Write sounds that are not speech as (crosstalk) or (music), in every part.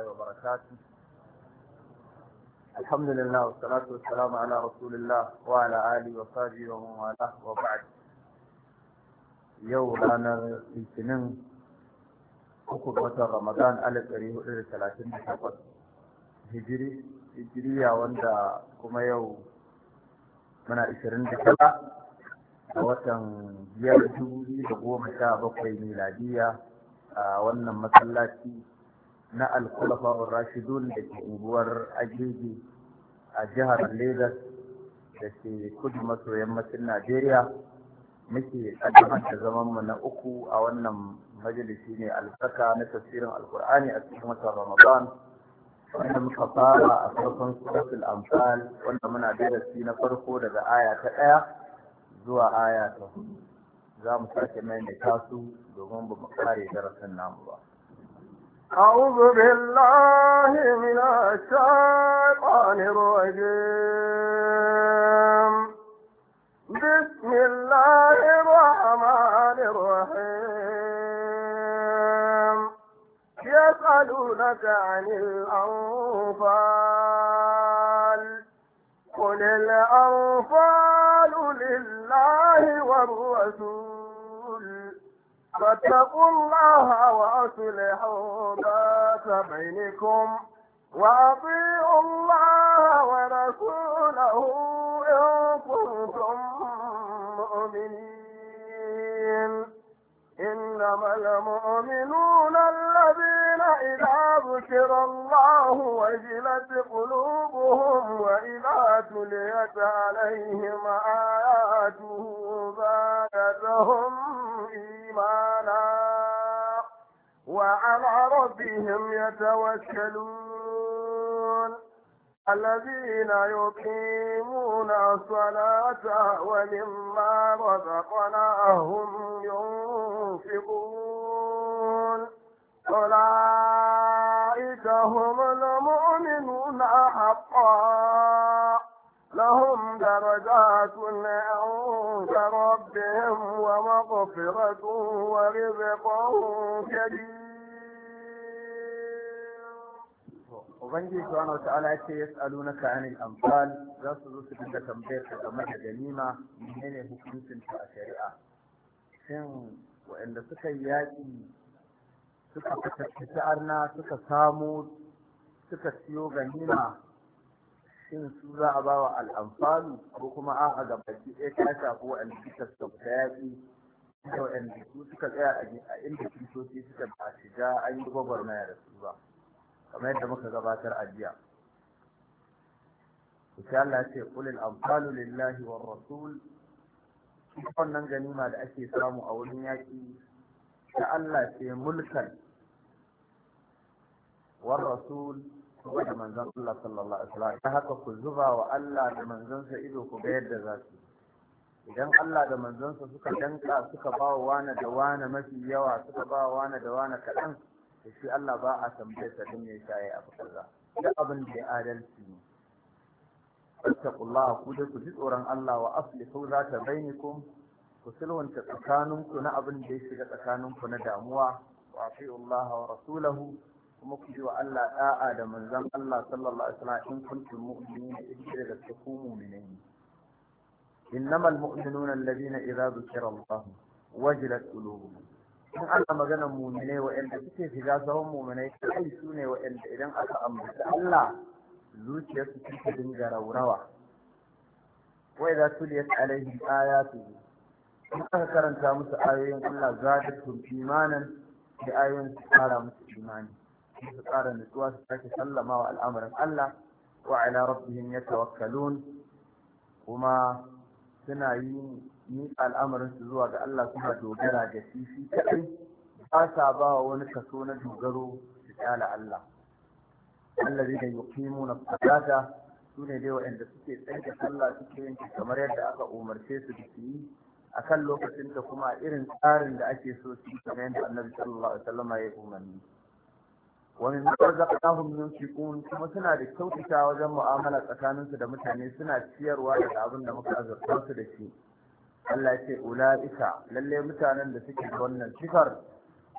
الله وبركاته الحمد لله والصلاة والسلام على رسول الله وعلى آله وصحبه ومن والاه وبعد يوم أنا الاثنين أكل وتر رمضان على تاريخ ثلاثين شهر هجري هجرية وندا كما يوم من 27 a watan biyar dubu biyu da goma sha bakwai miladiya a wannan masallaci na alkulafa rashidun da ke unguwar agege a jihar Legas da ke kudu maso yammacin Najeriya muke kaddamar da mu na uku a wannan majalisi ne albarka na tafsirin alkur'ani a cikin watan Ramadan wanda muka fara a farkon suratul amsal wanda muna darasi na farko daga aya ta ɗaya zuwa aya ta hudu za mu sake mai da tasu domin ba mu kare darasin namu ba أعوذ بالله من الشيطان الرجيم بسم الله الرحمن الرحيم يسألونك عن الأنفال قل الأنفال لله والرسول فاتقوا الله وأصلحوا ذات بينكم وأطيعوا الله ورسوله إن كنتم مؤمنين إنما المؤمنون الذين إذا ذكر الله وجلت قلوبهم وإذا تليت عليهم آياته زادتهم إيمانا وعلى ربهم يتوكلون الذين يقيمون الصلاة ومما رزقناهم ينفقون أولئك هم المؤمنون حقا لهم درجات عند ربهم ومغفرة ورزق كريم ubangiji subhanahu wa ta'ala ya ce yas'alunaka anil amsal za su zo su dinga tambayar ka game da ganima menene hukuncin ta a shari'a shin waɗanda suka yi yaƙi suka fitattaci arna suka samu suka siyo ganima shin su za a bawa al'amfalu ko kuma a a gabaki ɗaya ta shafi waɗanda suka sauka yaƙi da wa'anda su suka tsaya a inda kiristoci suka ba shiga an yi gwagwarmaya da su ba kamar yadda muka gabatar a jiya insha Allah ce kulil amsalu lillahi war rasul wannan ganima da ake samu a wurin yaƙi ta Allah ce mulkan war rasul kuma da manzon Allah sallallahu alaihi wasallam ta haka ku zuba wa Allah da manzonsa ido ku ga yadda za su idan Allah da manzonsa suka danka suka ba wa wani da wani mafi yawa suka ba wa wani da wani kaɗan to shi Allah ba a tambaye sa din ne sai abu kaza duk abin da ya adalci ne fattaqullaha ku da ku ji tsoron Allah wa aslihu zata bainakum ku sulhunta tsakaninku na abin da ya shiga tsakaninku na damuwa wa Allah wa rasulahu kuma ku ji wa Allah da'a da manzon Allah sallallahu alaihi wasallam in kuntum mu'minina idda da ku mu'minai innamal mu'minuna alladhina idza dhukira Allah wajilat qulubuhum in ana maganan muminai waɗanda suke shiga sahun muminai kai su ne waɗanda idan aka ambaci Allah zuciyarsu suke dinga raurawa wai za su liyar alaihi ayatu in aka karanta musu ayoyin Allah tun imanan da ayoyin su tsara musu imani su tsara nutsuwa su sake sallama wa al'amuran Allah wa ala rabbihim yatawakkalun kuma suna yi ni al'amarin su zuwa ga Allah suna dogara da shi shi kadai ba sa ba wa wani kaso na dogaro su kyala Allah Allah zai da yuqimu na fasata su ne dai waɗanda suke tsanke sallah suke yin kamar yadda aka umarce su da su yi a kan lokacin da kuma irin tsarin da ake so su yi kamar yadda Annabi sallallahu alaihi wasallam ya umarni wani razaqnahum yunfiqun kuma suna da kyautata wajen mu'amala tsakaninsu da mutane suna ciyarwa da abin da muka azurta su da shi Allah ce ula'ika lalle mutanen da suke da wannan sifar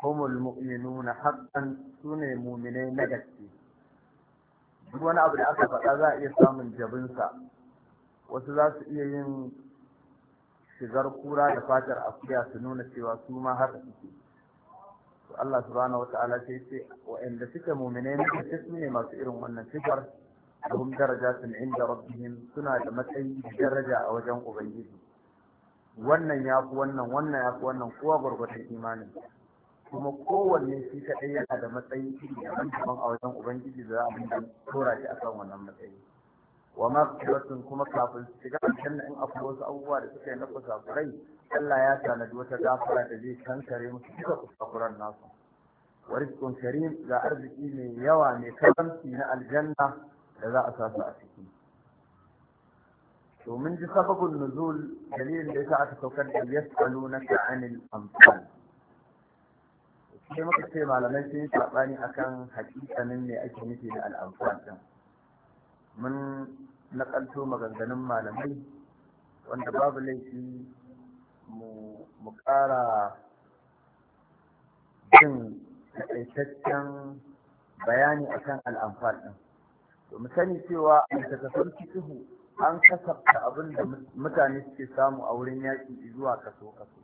humul mu'minuna haqqan sune mu'minai na gaske duk wani abu da aka faɗa za a iya samun jabinsa wasu za su iya yin shigar kura da fatar akuya su nuna cewa su ma haka suke to Allah subhanahu wata'ala sai ce wa'anda suke mu'minai na gaske su ne masu irin wannan sifar lahum darajatun inda rabbihim suna da matsayi daraja a wajen ubangiji wannan ya fi wannan wannan ya fi wannan kowa gwargwadon imanin kuma kowanne shi kaɗai yana da matsayi iri daban daban a wajen ubangiji da za a dinga tora shi akan wannan matsayi wa ma kuratun kuma kafin su shiga aljanna in akwai wasu abubuwa da suka yi na kusakurai Allah ya tanadi wata gafara da zai kankare musu duka kusakuran nasu wa rizqun karim ga arziki mai yawa mai karamci na aljanna da za a sa su a ciki to mun ji sababin nuzul dalilin da yasa aka saukar da yas'alunaka anil amsal sai muka ce malamai sun yi saɓani akan hakikanin ne ake nufi da al'amfan ɗin mun nakalto maganganun malamai wanda babu laifi mu ƙara jin taƙaitaccen bayani akan al'amfan ɗin to mu sani cewa a littattafan fiƙihu an kasafta abin da mutane suke samu a wurin yaƙi zuwa kaso kaso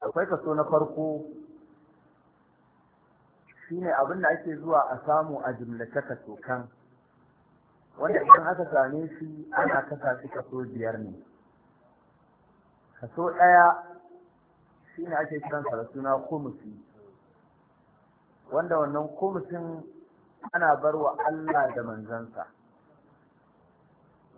akwai kaso na farko Shi ne abin da ake zuwa a samu a jimlace kaso kan wanda idan aka same shi ana kasa shi kaso biyar ne kaso ɗaya shi ne ake kiransa da suna kumusi wanda wannan kumusin ana bar wa Allah da manzansa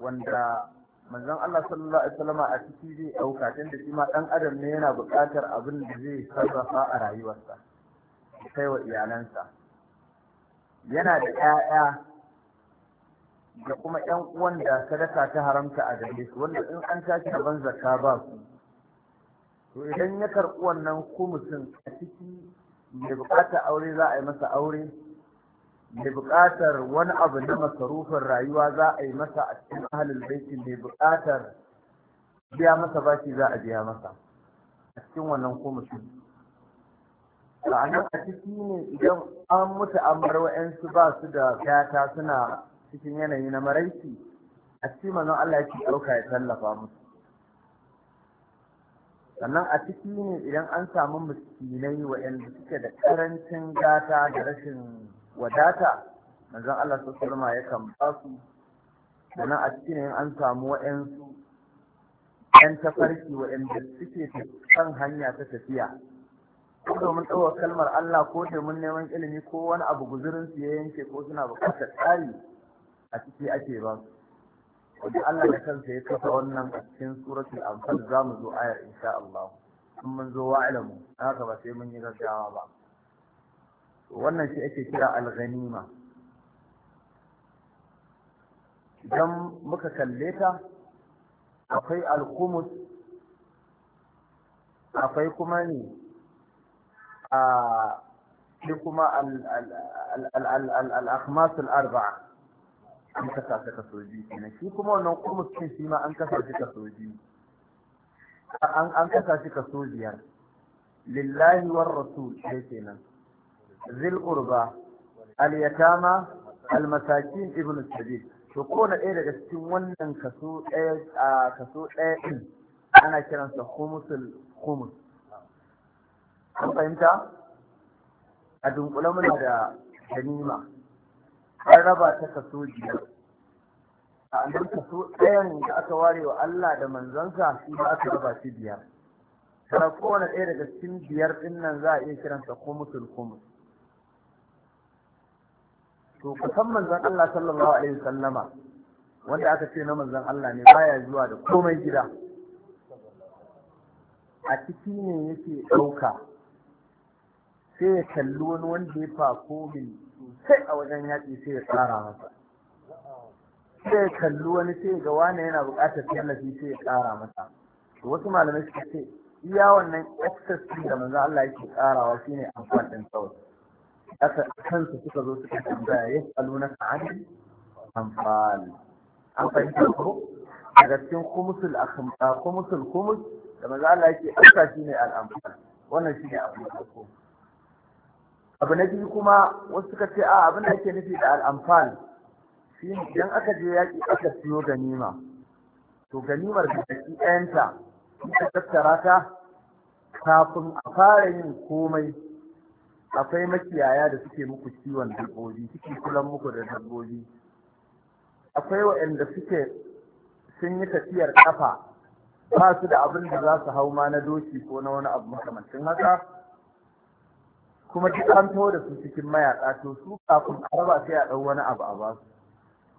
wanda manzon Allah sallallahu alaihi wasallam a ciki zai dauka tun da shi ma dan adam ne yana buƙatar abin da zai sarrafa a rayuwarsa kai wa iyalansa yana da ƴaƴa da kuma ƴan uwan da sadaka ta haramta a gare su wanda in an tashi ban zakka ba su to idan ya karɓi wannan mutum, a ciki mai buƙatar aure za a yi masa aure mai buƙatar wani abu na masarufin rayuwa za a yi masa a cikin ahalin baiti mai buƙatar biya masa bashi za a biya masa a cikin wannan komishin sa'anan a ciki ne idan an mutu an bar wa'yansu ba su da gata suna cikin yanayi na maraiki a cikin wannan Allah yake ɗauka ya tallafa musu sannan a ciki ne idan an samu miskinai wa'yanda suke da ƙarancin gata da rashin wadata manzon Allah sallallahu alaihi yakan ba su sannan a cikin an samu wa'ansu yan tafarki wa'anda suke kan hanya ta tafiya ko domin tsawon kalmar Allah ko domin neman ilimi ko wani abu guzurin su ya yanke ko suna bukatar tsari a ciki ake ba su wanda Allah da kansa ya kafa wannan a cikin suratul anfal zamu zo ayar insha Allah mun zo wa'alamu haka ba sai mun yi gaggawa ba wannan shi ake kira alghanima idan muka kalle ta akwai alkumus akwai kuma ne a shi kuma al'akmasul arba'a an kasa shi ka soji. kenan shi kuma wannan kumus ɗin shi ma an kasa shi ka soji. an kasa shi kaso biyar lillahi war rasul sai kenan zil qurba al yatama ibn sabil to kona ɗaya daga cikin wannan kaso ɗaya a kaso ɗaya din ana kiransa humusul khumus an fahimta a dunkule muna da ganima an raba ta kaso biyu a nan kaso ɗayan da aka ware wa Allah da manzansa shi ba aka raba shi biyar kana kowane ɗaya daga cikin biyar ɗin nan za a iya kiransa humusul humus to san manzon Allah sallallahu alaihi wasallama wanda aka ce na manzon Allah ne baya zuwa da komai gida a ciki ne yake ɗauka sai ya kalli wani wanda ya fako min sosai a wajen yaƙi sai ya tsara masa sai ya kalli wani sai ga wani yana buƙatar tallafi sai ya tsara masa to wasu malamai suka ce iya wannan excess da manzon Allah yake tsarawa shine amfanin ɗin sauti aka kansu suka zo suka tambaya ya tsalo na sa'adin amfani an fahimta ko a kumusul kumus da maza yake aka shi ne al'amfani wannan shi ne abu na farko abu na biyu kuma wasu suka ce a abin da ake nufi da al'amfani shi idan aka je yaƙi aka siyo ganima to ganimar da ɗayanta ta tattara ta kafin a fara yin komai akwai makiyaya da suke muku ciwon dabbobi suke kulan muku da dabbobi akwai waɗanda suke sun yi tafiyar kafa ba su da abin da za su hau ma na doki ko na wani abu makamancin haka kuma duk an taho da su cikin mayaƙa to su kafin a raba sai a ɗau wani abu a basu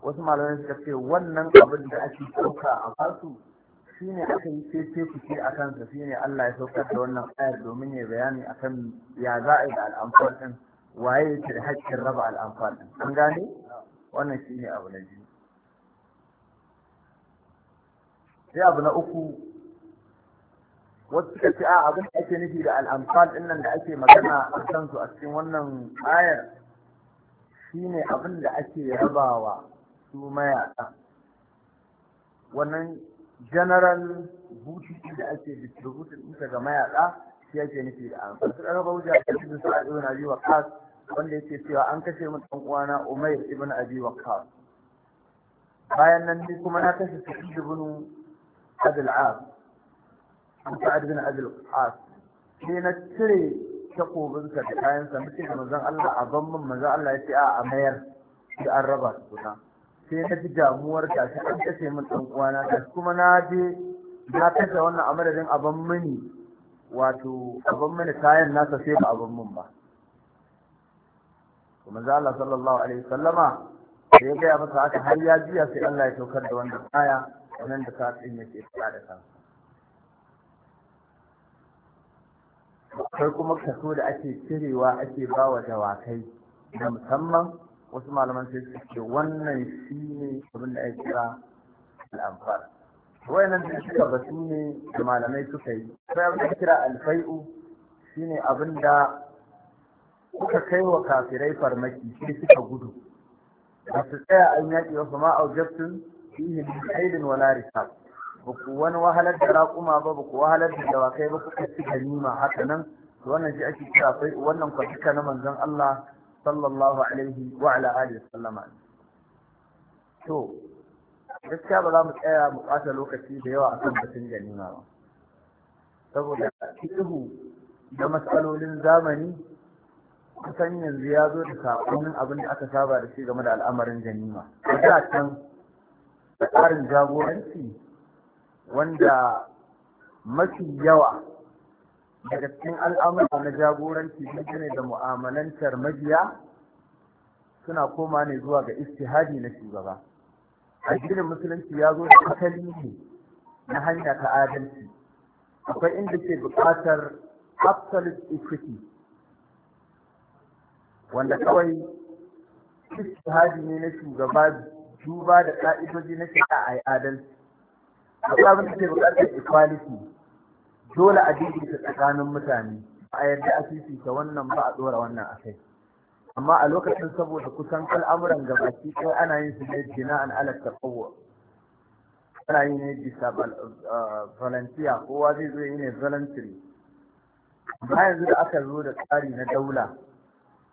wasu malamai suka ce wannan abin da ake ɗauka a basu shi ne aka yi keke fice a kansa shi ne Allah ya saukar da wannan ayar domin ya bayani akan ya za a yi da al'amfar ɗin waye yake da haƙƙin raba al'amfar ɗin an gane wannan shi ne abu na biyu sai abu na uku wasu suka ce a abin da ake nufi da al'amfar ɗin nan da ake magana a kansu a cikin wannan ayar shi ne abin da ake rabawa su mayaƙa wannan general buti da ake distributin ɗinsa ga mayaɗa shi yake nufi da an fasir an raba wuja a cikin na ibn abi waqas wanda yake cewa an kashe min ɗan uwana umair ibn abi waqas bayan nan ni kuma na kashe sa'id ibn abul as sa'ad ibn abul as sai na cire takobinsa da kayansa mutum da manzon Allah a ban min manzon Allah ya ce a mayar da an raba su sai na ji damuwar ta shi an kashe min ɗan uwana ta kuma na je na kashe wannan a madadin abin mini wato abin mini kayan nasa sai ba abin min ba kuma za Allah sallallahu alaihi sallama da ya gaya masa haka har ya jiya sai Allah ya saukar da wannan kaya nan da ka tsin yake tsada da kan akwai kuma kaso da ake cirewa ake bawa dawakai da musamman wasu malaman sai su ce wannan shi ne abin da ya kira al'amfar nan da ba su ne da malamai suka yi sai abin da ya kira alfai'u shi ne abin da suka kai wa kafirai farmaki sai suka gudu ba su tsaya an yaƙi wasu ma aujabtun fihin aidin wala risal ba ku wani wahalar da raƙuma ba ba ku wahalar da dawakai ba kuka ci ganima haka nan wannan shi ake kira fai'u wannan kwa duka na manzon Allah sallallahu alaihi wa ala alihi sallama to gaskiya ba za mu tsaya mu ɓata lokaci da yawa akan batun ganima ba saboda fiqhu da matsalolin zamani kusan yanzu ya zo da sakonin abin da aka saba da shi game da al'amarin ganima da can tsarin jagoranci wanda mafi yawa daga cikin al'amura na jagoranci ne da mu'amalantar majiya suna koma ne zuwa ga istihadi na shugaba addinin musulunci ya zo da asali ne na hanya ta adalci akwai inda ke buƙatar absolute equity wanda kawai istihadi ne na shugaba duba da ƙa'idoji na shiga a yi adalci akwai abin da ke buƙatar equality dole a daidaita tsakanin mutane a yadda a fifita wannan ba a tsora wannan a kai amma a lokacin saboda kusan al'amuran gabaki kai ana yin su ne jina an alatta kowa ana yin ne bisa valentia kowa zai zo yi ne voluntary yanzu da aka zo da tsari na daula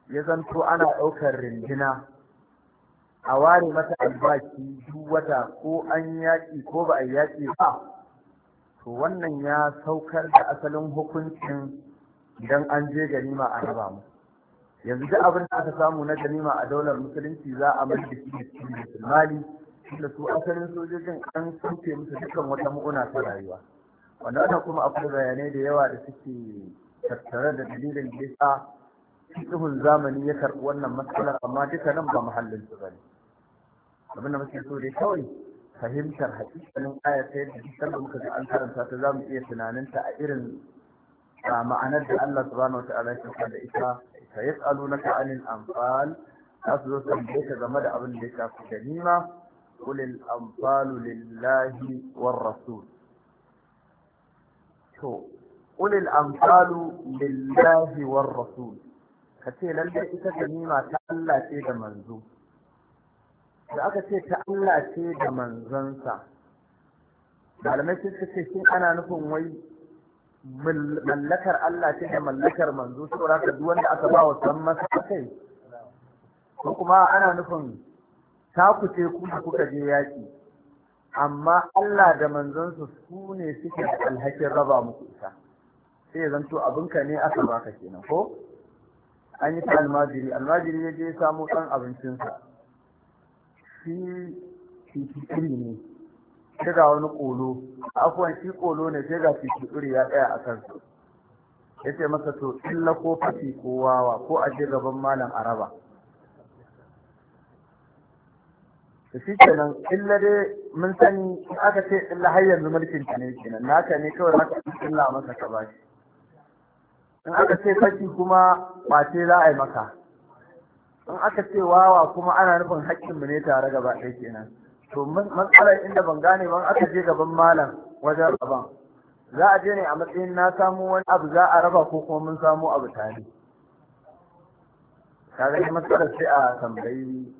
ya zanto ana ɗaukar rindina a ware mata albashi duk wata ko an yaƙi ko ba a yaƙi ba to wannan ya saukar da asalin hukuncin idan an je ganima a raba mu yanzu duk abin da aka samu na ganima a daular musulunci za a mai da shi ne cikin musulmani tunda su asalin sojojin an sauke musu dukkan wata mu'una ta rayuwa wanda wannan kuma akwai bayanai da yawa da suke tattare da dalilin da yasa cikin zamani ya karɓi wannan matsalar amma duka nan ba muhallin su bane abin da muke so dai kawai fahimtar hakikanin aya ta yadda dukkan da muka ga an karanta ta za mu iya tunaninta a irin ma'anar da Allah subhanahu ya kafa da ita fa na ta'anin anfal za su zo tambaye ka game da abin da ya shafi ganima qul al anfalu lillahi war rasul to qul al lillahi rasul kace lallai ita ganima ta Allah ce da manzo da aka ce ta Allah ce da manzansa malamai sun ce shi ana nufin wai mallakar Allah ce da mallakar manzo saboda duk wanda aka ba wa san masa kai ko kuma ana nufin ta ku ce ku kuka je yaki amma Allah da manzansa su ne suke alhakin raba muku ita sai ya zanto abinka ne aka baka kenan ko an yi ta almajiri almajiri ya je samo ɗan abincinsa shi fitikiri ne sai ga wani kolo afuwan shi kolo ne sai ga fitikiri ya tsaya a kansu ya ce masa to illa ko fati ko wawa ko a je gaban malam araba da shi kenan illa dai mun sani in aka ce illa har yanzu mulkin ka ne kenan naka ne kawai naka illa masa ka bashi in aka ce fati kuma ɓace za a yi maka in aka ce wawa kuma ana nufin haƙƙinmu ne tare gaba ɗaya kenan to matsalar inda ban gane ban aka je gaban malam wajen rabon za a je ne a matsayin na samu wani abu za a raba ko kuma mun samu abu tare kaga ne matsalar sai a tambayi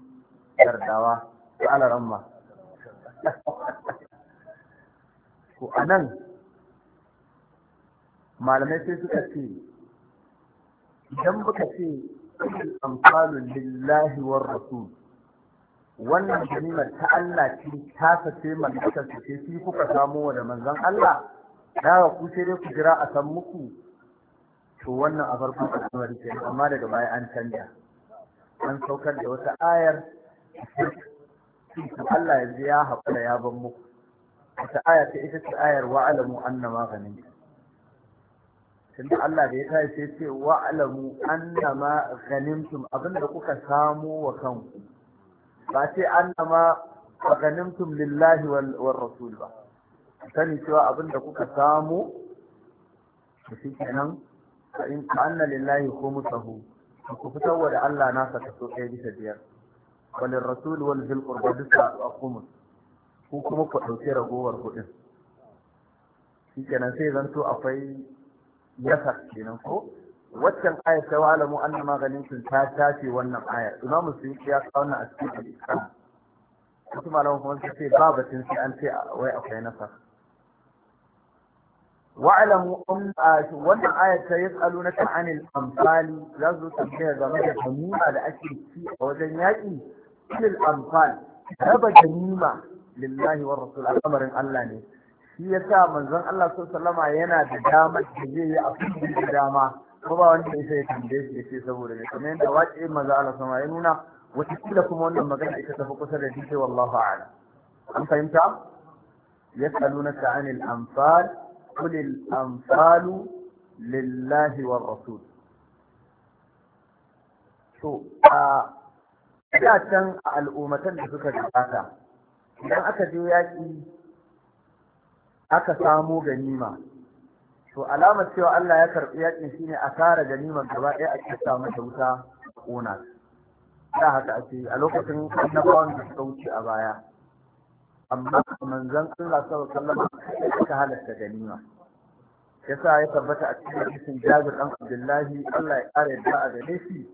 gardawa su alaran ma ko anan, malamai sai suka ce idan muka ce kullum lillahi war rasul wannan ganimar ta Allah ce ta sace mallakar su ce shi kuka samo wa da manzon Allah dawa ku sai dai ku jira a san muku to wannan a farko al'amari ke amma daga baya an canja an saukar da wata ayar Allah ya ji ya haƙura ya ban muku wata aya ce ita ce ayar wa'alamu annama ganin. tunda Allah da ya tashi sai ce wa alamu annama ganimtum abin da kuka samu wa kanku ba ce annama ganimtum lillahi wal rasul ba sani cewa abin da kuka samu shi kenan fa in anna lillahi khumsahu ku fitar da Allah nasa kaso ɗaya bisa biyar walin rasul wal zil qurba duka a khumus ku kuma ku ɗauki ragowar kuɗin shi kenan sai zanto akwai yasar kenan ko waccan ayar ta wa'alamu anna maganinkum ta tafi wannan ayar imam musulmi ya kawo wannan a cikin al-islam wasu malaman kuma suka ce ba batun sai an ce wai akwai nasar wa'alamu wannan ayar ta na anil amfani za su tambaya game da ganima da ake ci a wajen yaƙi anil amfal raba ganima lillahi wa rasul al'amarin Allah ne shi yasa manzon Allah sallallahu alaihi yana da damar da zai yi abin da dama ko ba wanda ya sai tambaye shi yace saboda ne kamar yadda wace manzon Allah sallallahu ya nuna wata kila kuma wannan magana ita tafi kusa da dinke wallahu a'lam an fahimta Ya yas'alunaka 'anil anfal qul al anfalu lillahi wa rasul So, a ina can al'ummatan da suka gabata idan aka je yaƙi aka samo ganima to alamar cewa Allah ya karɓi yakin shine a tara ganimar gaba ɗaya a samu mata wuta ƙona da haka ake a lokacin annabawan da suka wuce a baya amma manzon Allah sallallahu alaihi wasallam aka halatta ganima yasa ya tabbata a cikin hadisin Jabir dan Abdullahi Allah ya ƙara da a gare shi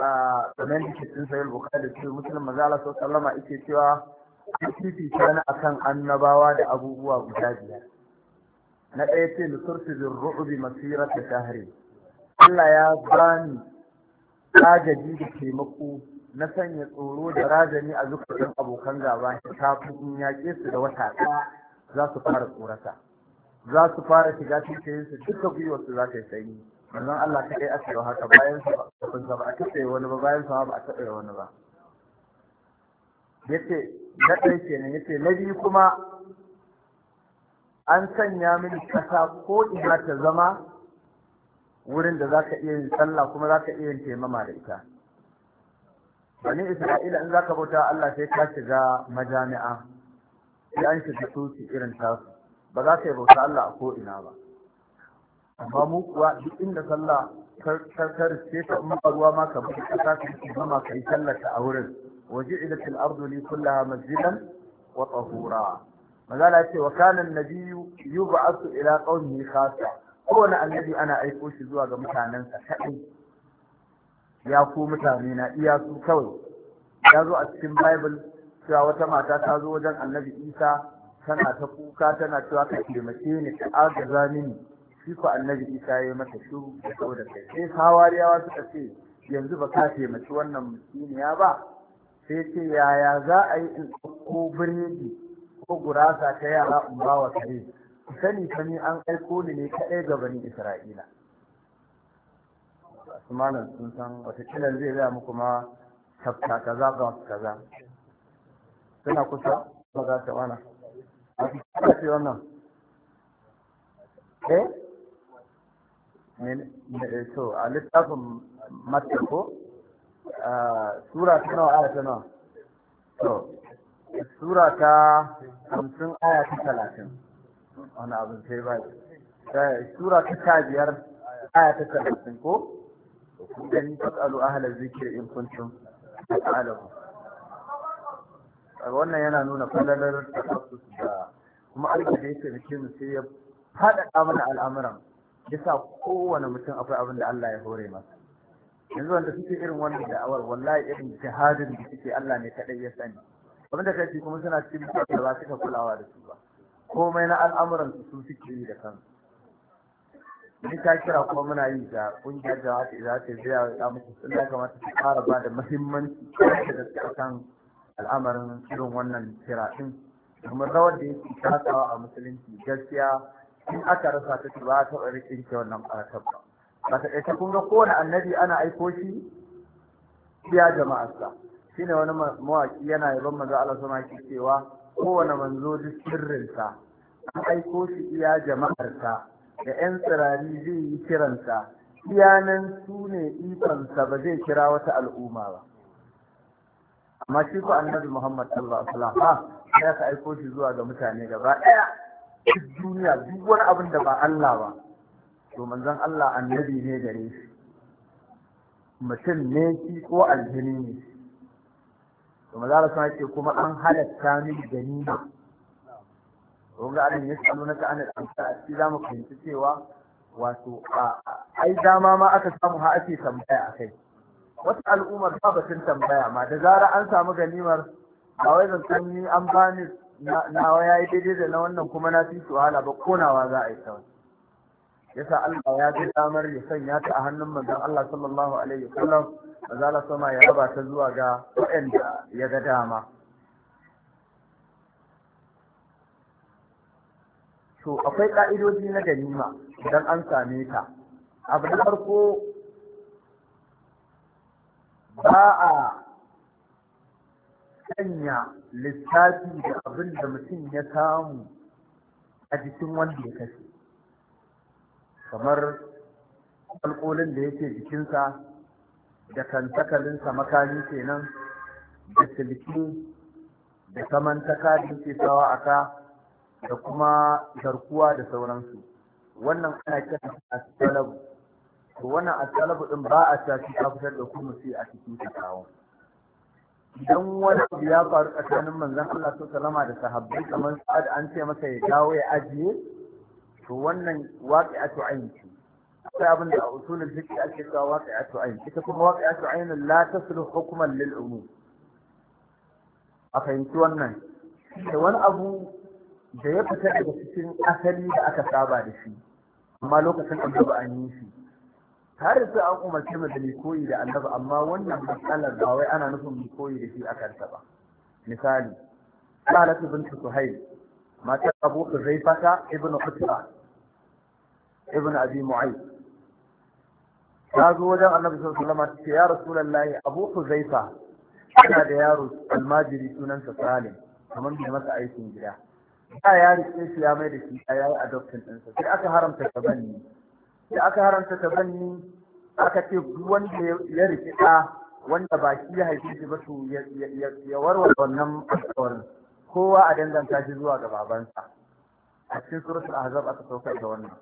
a kamar da cikin sahih Bukhari da Muslim manzon Allah sallallahu alaihi wasallam yake cewa ya fifita ni akan annabawa da abubuwa guda biyar na ɗaya ce nusurtu bin ru'ubi masirar da shahari Allah ya bani agaji da taimako na sanya tsoro da rajani a zukatan abokan gaba kafin in yaƙe su da wata ɗaya za su fara tsorata za su fara shiga cikin su duka gwiwa su za ta yi sanyi manzon Allah ta kai aka haka bayan su ba a taɓa wani ba bayan su ba a taɓa wani ba yace na ɗaya kenan yace na biyu kuma an sanya mini ƙasa ko ina ta zama wurin da za ka iya yin sallah kuma za ka iya yin taimama da ita bani isra'ila in za ka bauta Allah sai ka shiga majami'a sai an shiga tuki irin tasu ba za ka yi bauta Allah a ko ina ba amma mu kuwa duk inda sallah karkar sai ta in ruwa ma ka bauta kasa ka yi taimama ka yi ta a wurin وجعلت الأرض لي كلها مسجدا وطهورا مازال ce wa kana annabiyyu yub'athu ila qaumihi khassa kowane annabi ana aiko shi zuwa ga mutanensa kaɗai ya ku mutane na iya su kawai ya zo a cikin bible cewa wata mata ta zo wajen annabi isa tana ta kuka tana cewa ka taimake ni ka agaza mini shi ko annabi isa ya yi mata shiru da saboda kai sai hawariyawa suka ce yanzu ba ka taimaki wannan musulmiya ba sai ce yaya za a yi in ɗauko biredi ko gurasa ta yara in ba wa kare sani sani an aiko ni ne kaɗai ga bani isra'ila su malam sun san watakila zai gaya muku ma tafta kaza ga kaza suna kusa ba za ta wana a kusa ce wannan eh so a littafin mace ko Ah, sura ta nawa aya ta nawa to sura ta hamsin aya ta talatin wani abin sai ba sura ta sha biyar aya ta talatin ko kun gani fasalu ahla zikir in kuntum ta'alamu wannan yana nuna falalar tafassus da kuma Allah da yake nake mu sai ya faɗaɗa mana al'amuran sa kowane mutum akwai abin da Allah ya hore masa yanzu wanda suke irin wannan da'awar wallahi irin jihadin da suke Allah ne kaɗai ya sani abinda kai kuma suna cikin da ba suka kulawa da su ba komai na al'amuran su su suke yi da kansu ni ta kira kuma muna yi da ƙungiyar da wata idan ta biya ya mutu sun ya kamata su fara ba da muhimmanci da suka kan al'amarin irin wannan kira din kuma rawar da yake takawa a musulunci gaskiya in aka rasa ta ba ta rike wannan ƙaratar ba ba ta ɗaya kun ga kowane annabi ana aiko shi iya jama'arsa shine wani mawaki yana yaban manzo Allah sama yake cewa kowane manzo duk sirrinsa an aiko shi iya jama'arsa da yan tsirari zai yi kiransa iyanan su ne ikonsa ba zai kira wata al'umma ba amma shi ko annabi Muhammad sallallahu alaihi wasallam ya ka aiko shi zuwa ga mutane gaba daya duniya duk wani abin da ba Allah ba to manzon Allah annabi ne gare shi mutum ne shi ko aljini ne to maza da suna ce kuma an halatta mini ganima to ga anan ya samu na ta'anar amsa a ciki za mu fahimci cewa wato ai dama ma aka samu ha ake tambaya a kai wata al'ummar ba batun tambaya ma da zara an samu ganimar ba wai zancen ni an bani na ya yi daidai da na wannan kuma na fi su wahala ba konawa za a yi kawai yasa Allah ya ji damar ya sanya ta a hannun manzon Allah sallallahu alaihi wasallam manzala sama ya raba ta zuwa ga waɗanda ya ga dama to akwai ka'idoji na ganima idan an same ta abu na farko ba a sanya lissafi da abin da mutum ya samu a jikin wanda ya kashe kamar alkolin da yake jikinsa da kantakalinsa makami kenan da silki da samantaka da yake sawa a ka da kuma garkuwa da sauransu wannan ana a asalabu to wannan asalabu din ba a tafi ta fitar da kuma sai a cikin kawo idan wani abu ya faru tsakanin manzon Allah sallallahu alaihi da sahabbai kamar sa'ad an ce masa ya dawo ya ajiye to wannan waqi'atu ayn ce akwai abin da a usulul fiqh ake cewa waqi'atu ayn ita kuma waqi'atu ayn la taslu hukman lil umum a fahimci wannan sai wani abu da ya fita daga cikin asali da aka saba da shi amma lokacin annabi an yi shi har sai an umarce mu da mu koyi da annabi amma wannan matsalar ba wai ana nufin mu koyi da shi a ta ba misali Salat bint Suhail matar abu fata ibn utba ibn abi mu'ayyid ta zo wajen annabi sallallahu alaihi wasallam ta ce ya rasulullahi abu huzaifa yana da yaro almajiri sunansa salim kamar bai masa aikin gida da ya rike shi ya mai da shi ya yi adoption sa sai aka haramta tabanni sai aka haramta tabanni aka ce wanda ya rike ɗa wanda ba shi ya haife shi ba to ya warware wannan alƙawarin kowa a danganta shi zuwa ga babansa a cikin al ahzab aka saukar da wannan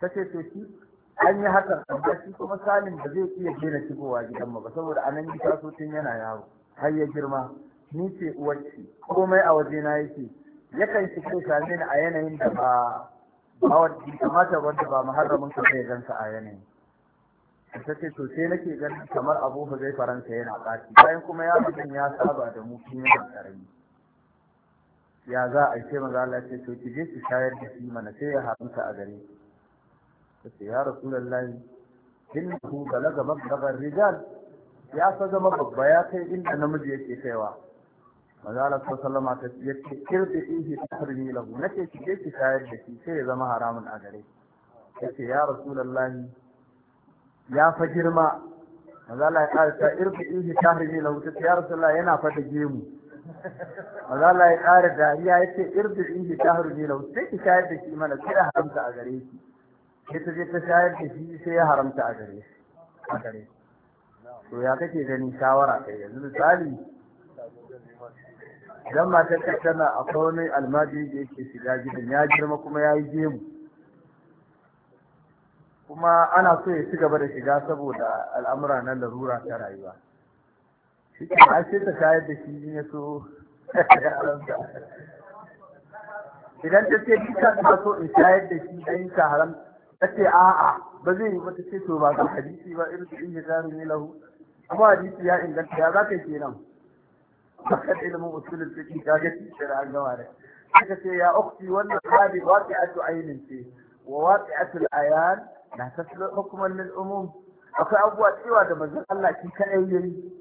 tace to shi an yi hakan amma shi kuma salim da zai iya daina shigowa gidan mu ba saboda anan yi taso tun yana yaro har ya girma ni ce uwarci komai a waje na yake yakan shigo same ni a yanayin da ba ba wanda kamata wanda ba muharramin ka zai gansa a yanayin ta ce to sai nake ganin kamar abu zai faranta yana ƙaci bayan kuma ya mutum ya saba da mu kin yana ya za a ce maza Allah ce to ki je ki shayar da shi mana sai ya haramta a gare ta ce ya ku gala balaga mablagar rijal ya sa zama babba ya kai inda namiji yake kaiwa maza Allah sallallahu alaihi wasallam ya ce kirdi ihi tahrimi na ce ki je ki shayar da shi sai ya zama haramun a gare ta ce ya lallai ya fa girma maza Allah ya ta irdi ihi tahrimi ta ce ya rasu lallai yana fa da gemu maza Allah ya ƙara dariya ya ce irbi inji ta harbe jela sai ki shayar da shi mana sai ya haramta a gare shi sai ta je ta shayar da shi sai ya haramta a gare shi to ya kake gani shawara kai yanzu misali idan matar ta tana akwai wani almaji da yake shiga gidan ya girma kuma ya yi gemu kuma ana so ya ci gaba da shiga saboda al'amura na larura ta rayuwa shi ke sai ta shayar da shi in ya so idan ta ce duka ta so in shayar da shi dan ka haram ta ce a'a ba zai yi ba ta ce to ba ga hadisi ba irin su inda zaru ne lahu amma hadisi ya inganta ya za ka ke nan bakar ilimin usulun fiƙi ga gaci da an gama da suka ce ya ukti wannan hali waqi'atu ainin ce wa waqi'atu al-ayan la taslu hukman lil umum akwai abubuwa cewa da manzon Allah shi kadai yayi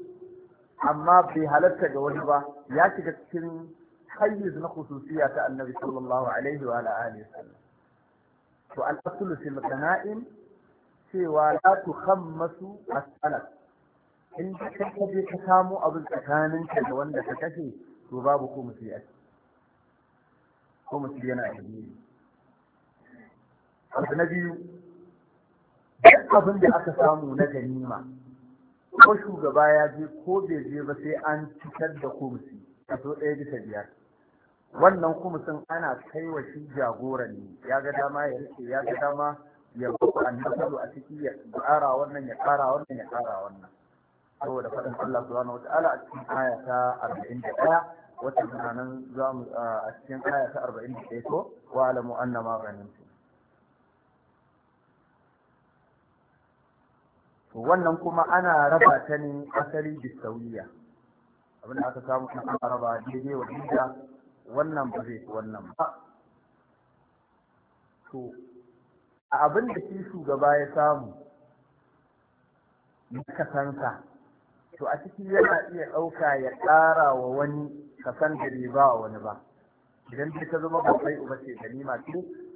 amma bai halatta ga wani ba ya shiga cikin hayyiz na khususiya ta annabi sallallahu alaihi wa ala alihi wasallam to al-aslu fil ghana'im cewa la tukhammasu as-salat in ka kaje ka samu abin tsakanin ka da wanda ka kashe to babu ko musiyar ko musiyar yana addini abu na biyu duk abin da aka samu na ganima ko shugaba ya je ko bai je ba sai an cikar da kumsi so ɗaya bisa biyar wannan kumsin ana kai wa shi jagoran ne ya ga dama ya rike ya ga dama ya ku kudu a ciki ya ƙara wannan ya ƙara wannan ya ƙara wannan saboda faɗin Allah subhanahu wata'ala a cikin aya ta 41 wata nan za mu a cikin aya ta 41 ko wa alamu annama ghanim wannan kuma ana raba ta ne asali sauriya abin da aka samu ana raba daidai wa inda wannan ba zai wannan ba to a abin da shi shugaba ya samu na kasansa to a ciki yana iya ɗauka ya ƙara wa wani kasan da bai ba wani ba idan dai ta zama babbai uba ce ganima ce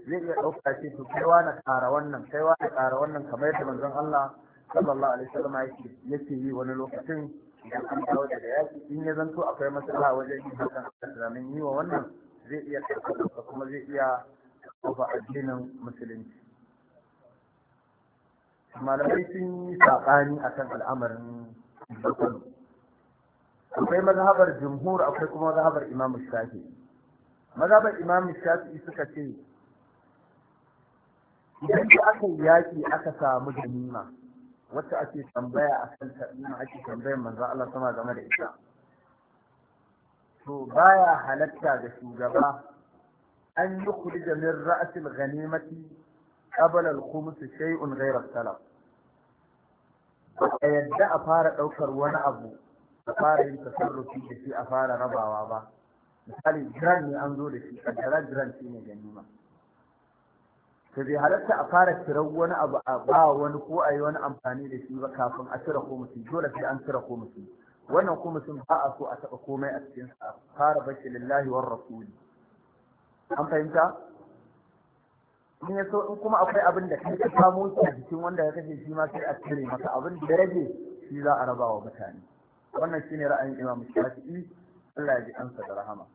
zai iya ɗauka ce to kaiwa na ƙara wannan kaiwa na ƙara wannan kamar yadda manzon Allah sallallahu alaihi wasallam yake yake yi wani lokacin idan an dawo daga yaki in ya zanto akwai matsala wajen yin hakan tunanin yi wa wannan zai iya karfafa kuma zai iya karfafa addinin musulunci malamai sun yi saɓani a kan al'amarin bakon akwai mazhabar jumhur akwai kuma mazhabar imam shafi mazhabar imam shafi suka ce idan da aka yaƙi aka samu ganima Wata ake tambaya a kan taɗina ake tambayar manzan Allah sama game da ita. To baya halatta ga shugaba an yi kudi da min ra'asil ganimati qabla al-khums shay'un ghayra salaf a yadda a fara ɗaukar wani abu a fara yin tasarrufi da shi a fara rabawa ba misali jiran ne an zo da shi a jiran jiran shi ne ganima. ta zai halatta a fara cirar wani abu a ba wani ko a yi wani amfani da shi ba kafin a cire kumusi dole sai an cire kumusi wannan kumusin ba a so a taɓa komai a cikin sa fara bashi lillahi war rasuli an fahimta in ya so in kuma akwai abin da kai ka samu a jikin wanda ya kashe shi ma sai a cire maka abin da rage shi za a raba wa mutane wannan shine ra'ayin imam shafi'i Allah ya ji ansa da rahama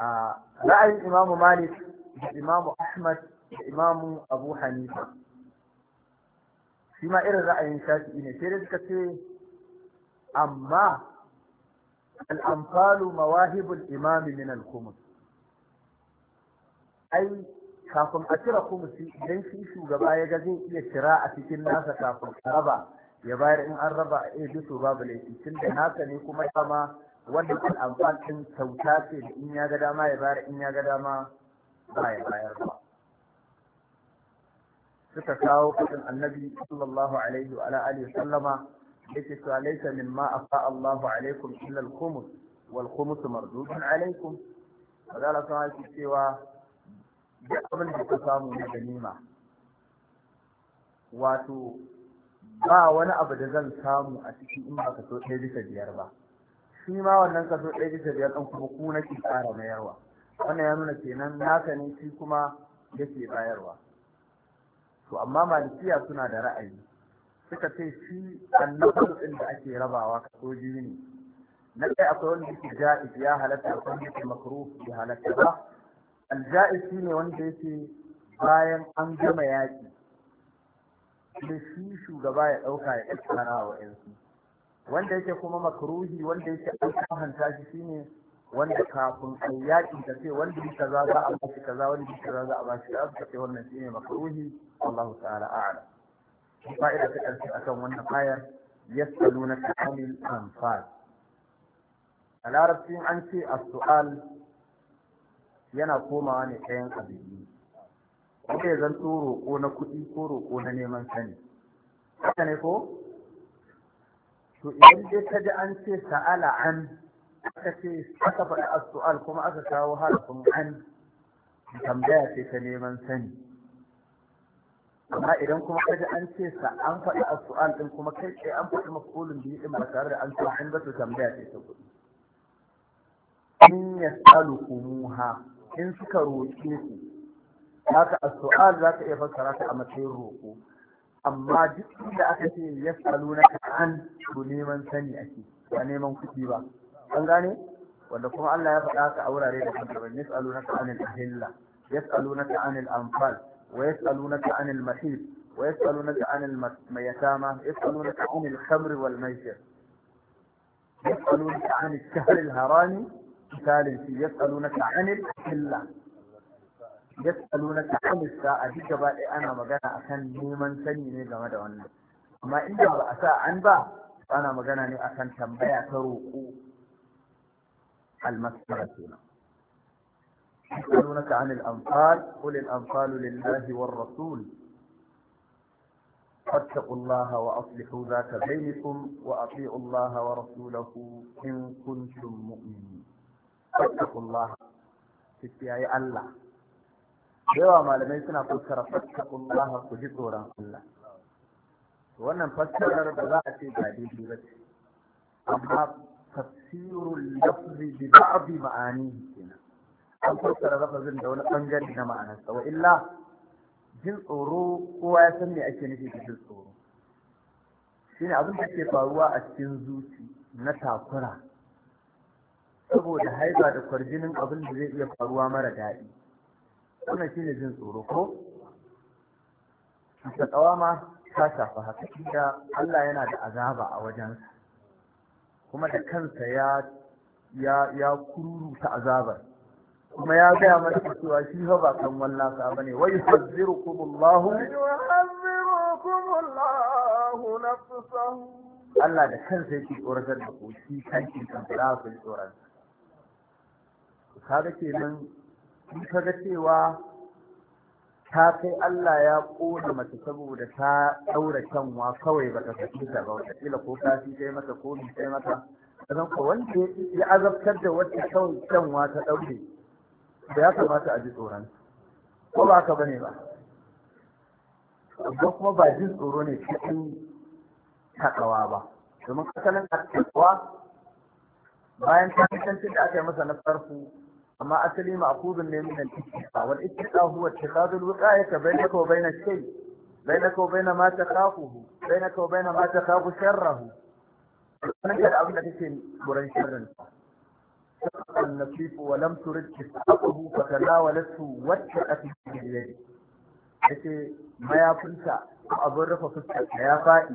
a ra'ayin imamu malik da imamu ahmad da imamu abu hanifa shi ma irin ra'ayin shafi ne sai da suka ce amma al'amfalu mawahibul imami min al-kumus ai kafin a cire kumusi idan shi shugaba ya ga zai iya cira a cikin nasa kafin a raba ya bayar in an raba a iya biso babu laifi tun da nasa ne kuma dama wannan al'amfal ɗin kyauta ce da in ya ga dama ya bayar in ya ga dama ba ya bayar ba suka kawo kudin annabi sallallahu alaihi wa ala alihi sallama yake cewa laisa mimma afa Allahu alaikum illa al-khumus wal khumus mardudun alaikum magana sun haki cewa da abin da ku samu na ganima wato ba wani abu da zan samu a cikin in ba kaso ɗaya bisa biyar ba shi ma wannan kaso ɗaya bisa biyar ɗan kuma ku nake ƙara mayarwa wannan ya nuna kenan naka ne shi kuma yake bayarwa to amma malikiya suna da ra'ayi suka ce shi annabar ɗin da ake rabawa kasoji ne na ɗaya akwai wanda yake ja'iz ya halatta akwai wanda yake makruh ya halatta ba alja'iz shine wanda yake bayan an gama yaƙi da shi shugaba ya ɗauka ya ƙasara wa yansu wanda yake kuma makruhi wanda yake an kamanta shi shine wanda kafin a yaƙi ta ce wanda bi kaza za a bashi kaza wanda bi kaza za a bashi kaza ta ce wannan shine makruhi wallahu ta'ala a'lam fa'ida ta karshe akan wannan ayar yas'alunaka 'anil anfal a larabci an ce as-su'al yana komawa ne ɗayan abin kuma zan zanto roƙo na kuɗi ko roƙo na neman sani haka ne ko to idan dai ka ji an ce sa'ala an aka ce aka faɗi as-su'al kuma aka kawo harafin an tambaya ce ta neman sani amma idan kuma kaji an ce sa an faɗi as-su'al din kuma kai ce an faɗi maf'ulun biyu ɗin ba tare da an ce an ba su tambaya ce ta kuɗi in yas'alukumuha in suka roƙe ku haka as-su'al za ka iya fassara ta a matsayin roƙo amma duk inda aka ce yas'alunaka an to neman sani ake ba neman kuɗi ba an gane wanda kuma Allah ya faɗa ka a wurare da kuma ban yas'alunaka anil ahilla yas'alunaka wa wa wal sa'a duk gaba ɗaya ana magana akan neman sani ne game da wannan amma inda ba a sa an ba ana magana ne akan tambaya ta roƙo almasara kenan يسألونك عن الأنفال قل الأنفال لله والرسول فاتقوا الله وأصلحوا ذات بينكم وأطيعوا الله ورسوله إن كنتم مؤمنين فاتقوا الله تتيعي الله yawa malamai suna fassara fattakun Allah ku ji tsoron Allah wannan fassarar ba za a ce ga daidai ba ce amma tafsirul lafzi bi ba'd ma'anihi kenan an fassara lafazin da wani bangare na ma'anar. wa illa jin tsoro kowa ya san me ake nufi da jin tsoro shine abin da ke faruwa a cikin zuci na takura saboda haiba da kwarjinin abin da zai iya faruwa mara daɗi wannan shine jin tsoro ko ta ma ta shafa haka inda Allah yana da azaba a wajensa kuma da kansa ya ya ya ta azabar kuma ya gaya mata cewa shi fa ba kan wallaka bane wa yuhazzirukumullahu yuhazzirukumullahu Allah da kansa yake tsoratar da kosi shi kanki kan da ku tsoratar kaga kenan in kaga cewa ta kai Allah ya ƙone mace saboda ta ɗaura kyanwa kawai ba ta saki ta ba wataƙila ko kafi sai mata ko ta sai mata sannan ko wanda ya azabtar da wata kawai kyanwa ta ɗaure da ya kamata a ji tsoron ko ba haka bane ba amma kuma ba jin tsoro ne cikin takawa ba domin asalin takawa bayan ta kasance da aka yi masa na farko amma asali ma'khudun ne min al-ittiqa wal ittiqa huwa ittiqad al-wiqayata bainaka wa bain ash-shay bainaka wa bain ma takhafuhu bainaka wa bain ma takhafu sharrahu wannan da abin da kake buran sharrin النصيب ولم ترد كتابه فتناولته واتقت بيده yace mayafinta abin rufe fuskarta ya faɗi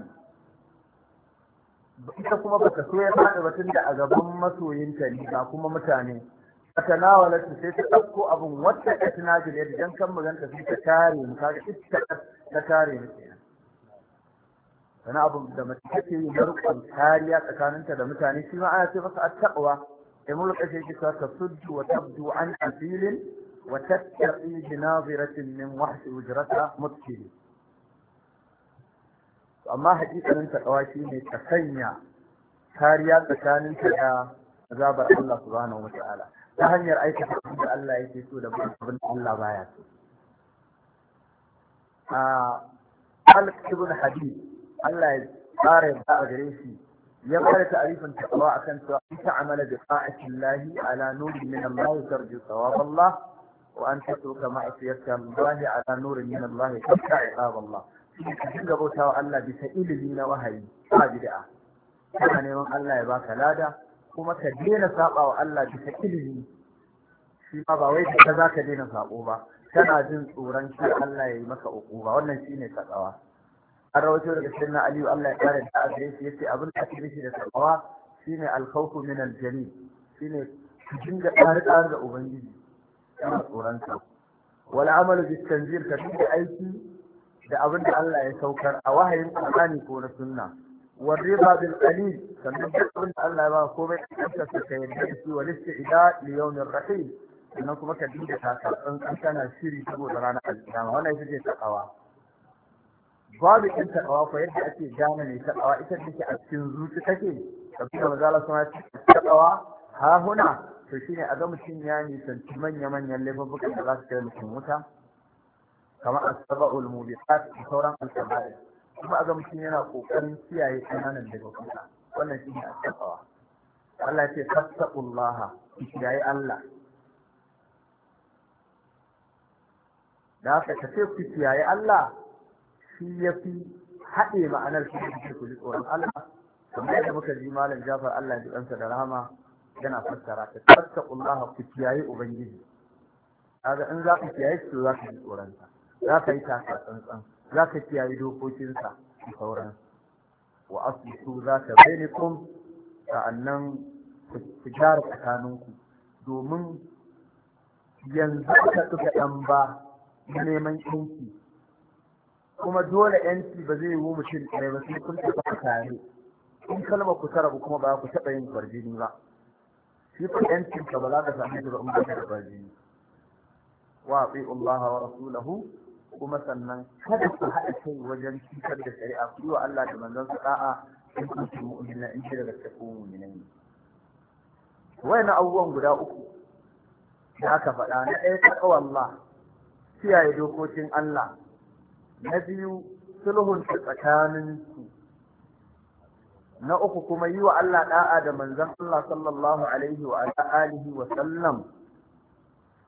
ita kuma baka so ya faɗi batun da a gaban masoyinta ne ba kuma mutane تناولت سيتقبق أبو موتا أتناجل يدي جنكا مغانتا في تكاري مكاري إتكت تكاري مكاري فأنا أبو دمتكتي يمرق الكارية أكان أنت دمتاني في معاتي بس التقوى يملك أشيكي ستصد وتبدو عن أفيل وتتقي بناظرة من وحش وجرتها مبكري فأما حديثا أنت قواتيني تخيّع كاريات أكان أنت يا عذاب الله سبحانه وتعالى ta hanyar aikata abin da Allah yake so da abin da Allah baya so a Malik ibn Hadid Allah ya tsara yadda a gare shi ya bada ta'arifin taqwa akan cewa in ta'amala bi ta'ati Allah ala nurin min Allah tarju thawab Allah wa an tatruka ma'siyata Allah ala nurin min Allah a iqab Allah ka dinga bautawa Allah bisa ilimi na wahayi ba bid'a kana neman Allah ya baka lada kuma ka daina saba wa Allah bisa ilimi shi ma ba wai ka za ka daina sabo ba kana jin tsoron shi Allah ya yi maka uku ba wannan shine takawa an rawaito daga sunna aliyu Allah ya kare da azare shi yace abin da ake nufi da takawa shine alkhawfu min aljami shine ki dinga tsari tsare da ubangiji kana tsoron sa wal amalu bit tanzil ka aiki da abin da Allah ya saukar a wahayin Qur'ani ko na sunna والرضا بالقليل sannan duk abin da Allah ya ba komai kanta su ka yarda da shi wa listida li yawmin rahim sannan kuma ka dinga takatsan kan kana shiri saboda ranar alkiyama wannan ita ce takawa babu kin takawa ko yadda ake gane ne takawa ita take a cikin zuci take kafin maza Allah sama takawa ha huna to shine a ga mutum ya nisanci manya-manyan laifukan da za su kai mutum wuta kamar asaba'ul mubiqat da sauran alkaba'ir kuma a ga mutum yana kokarin kiyaye kananan daga kusa wannan shi ne a tsakawa Allah ce fattaqullaha kiyaye Allah da haka ka ce ku kiyaye Allah shi ya fi haɗe ma'anar shi ne ku ji tsoron Allah kamar yadda muka ji malam Jafar Allah ji ɗansa da rahama yana fassara ta fattaqullaha ku kiyaye ubangiji kaga in za ku kiyaye shi za ku ji tsoron sa za ka yi taka tsantsan za ka kiyaye dokokinsa da sauran wa asusu za ka bainakum sa'annan ku gyara tsakaninku domin yanzu ka tuka ɗan ba neman yanki kuma dole yanki ba zai yiwu mutum ɗaya ba sai kun tafi tare in kalma ku tara kuma ba ku taɓa yin kwarjini ba shi ku yancin ka ba za ka sami shi ba in ba ka da kwarjini wa ati'u Allah wa rasulahu kuma sannan kada ku haɗa kai wajen cutar da shari'a ku yi wa Allah da manzon sa da'a in ci mu'minin in ci daga cikin mu'minin Wai wayannan abubuwan guda uku da aka faɗa na ɗaya taqwa Allah kiyaye dokokin Allah na biyu sulhun tsakanin su na uku kuma yi wa Allah da'a da manzon Allah sallallahu alaihi wa alihi wa sallam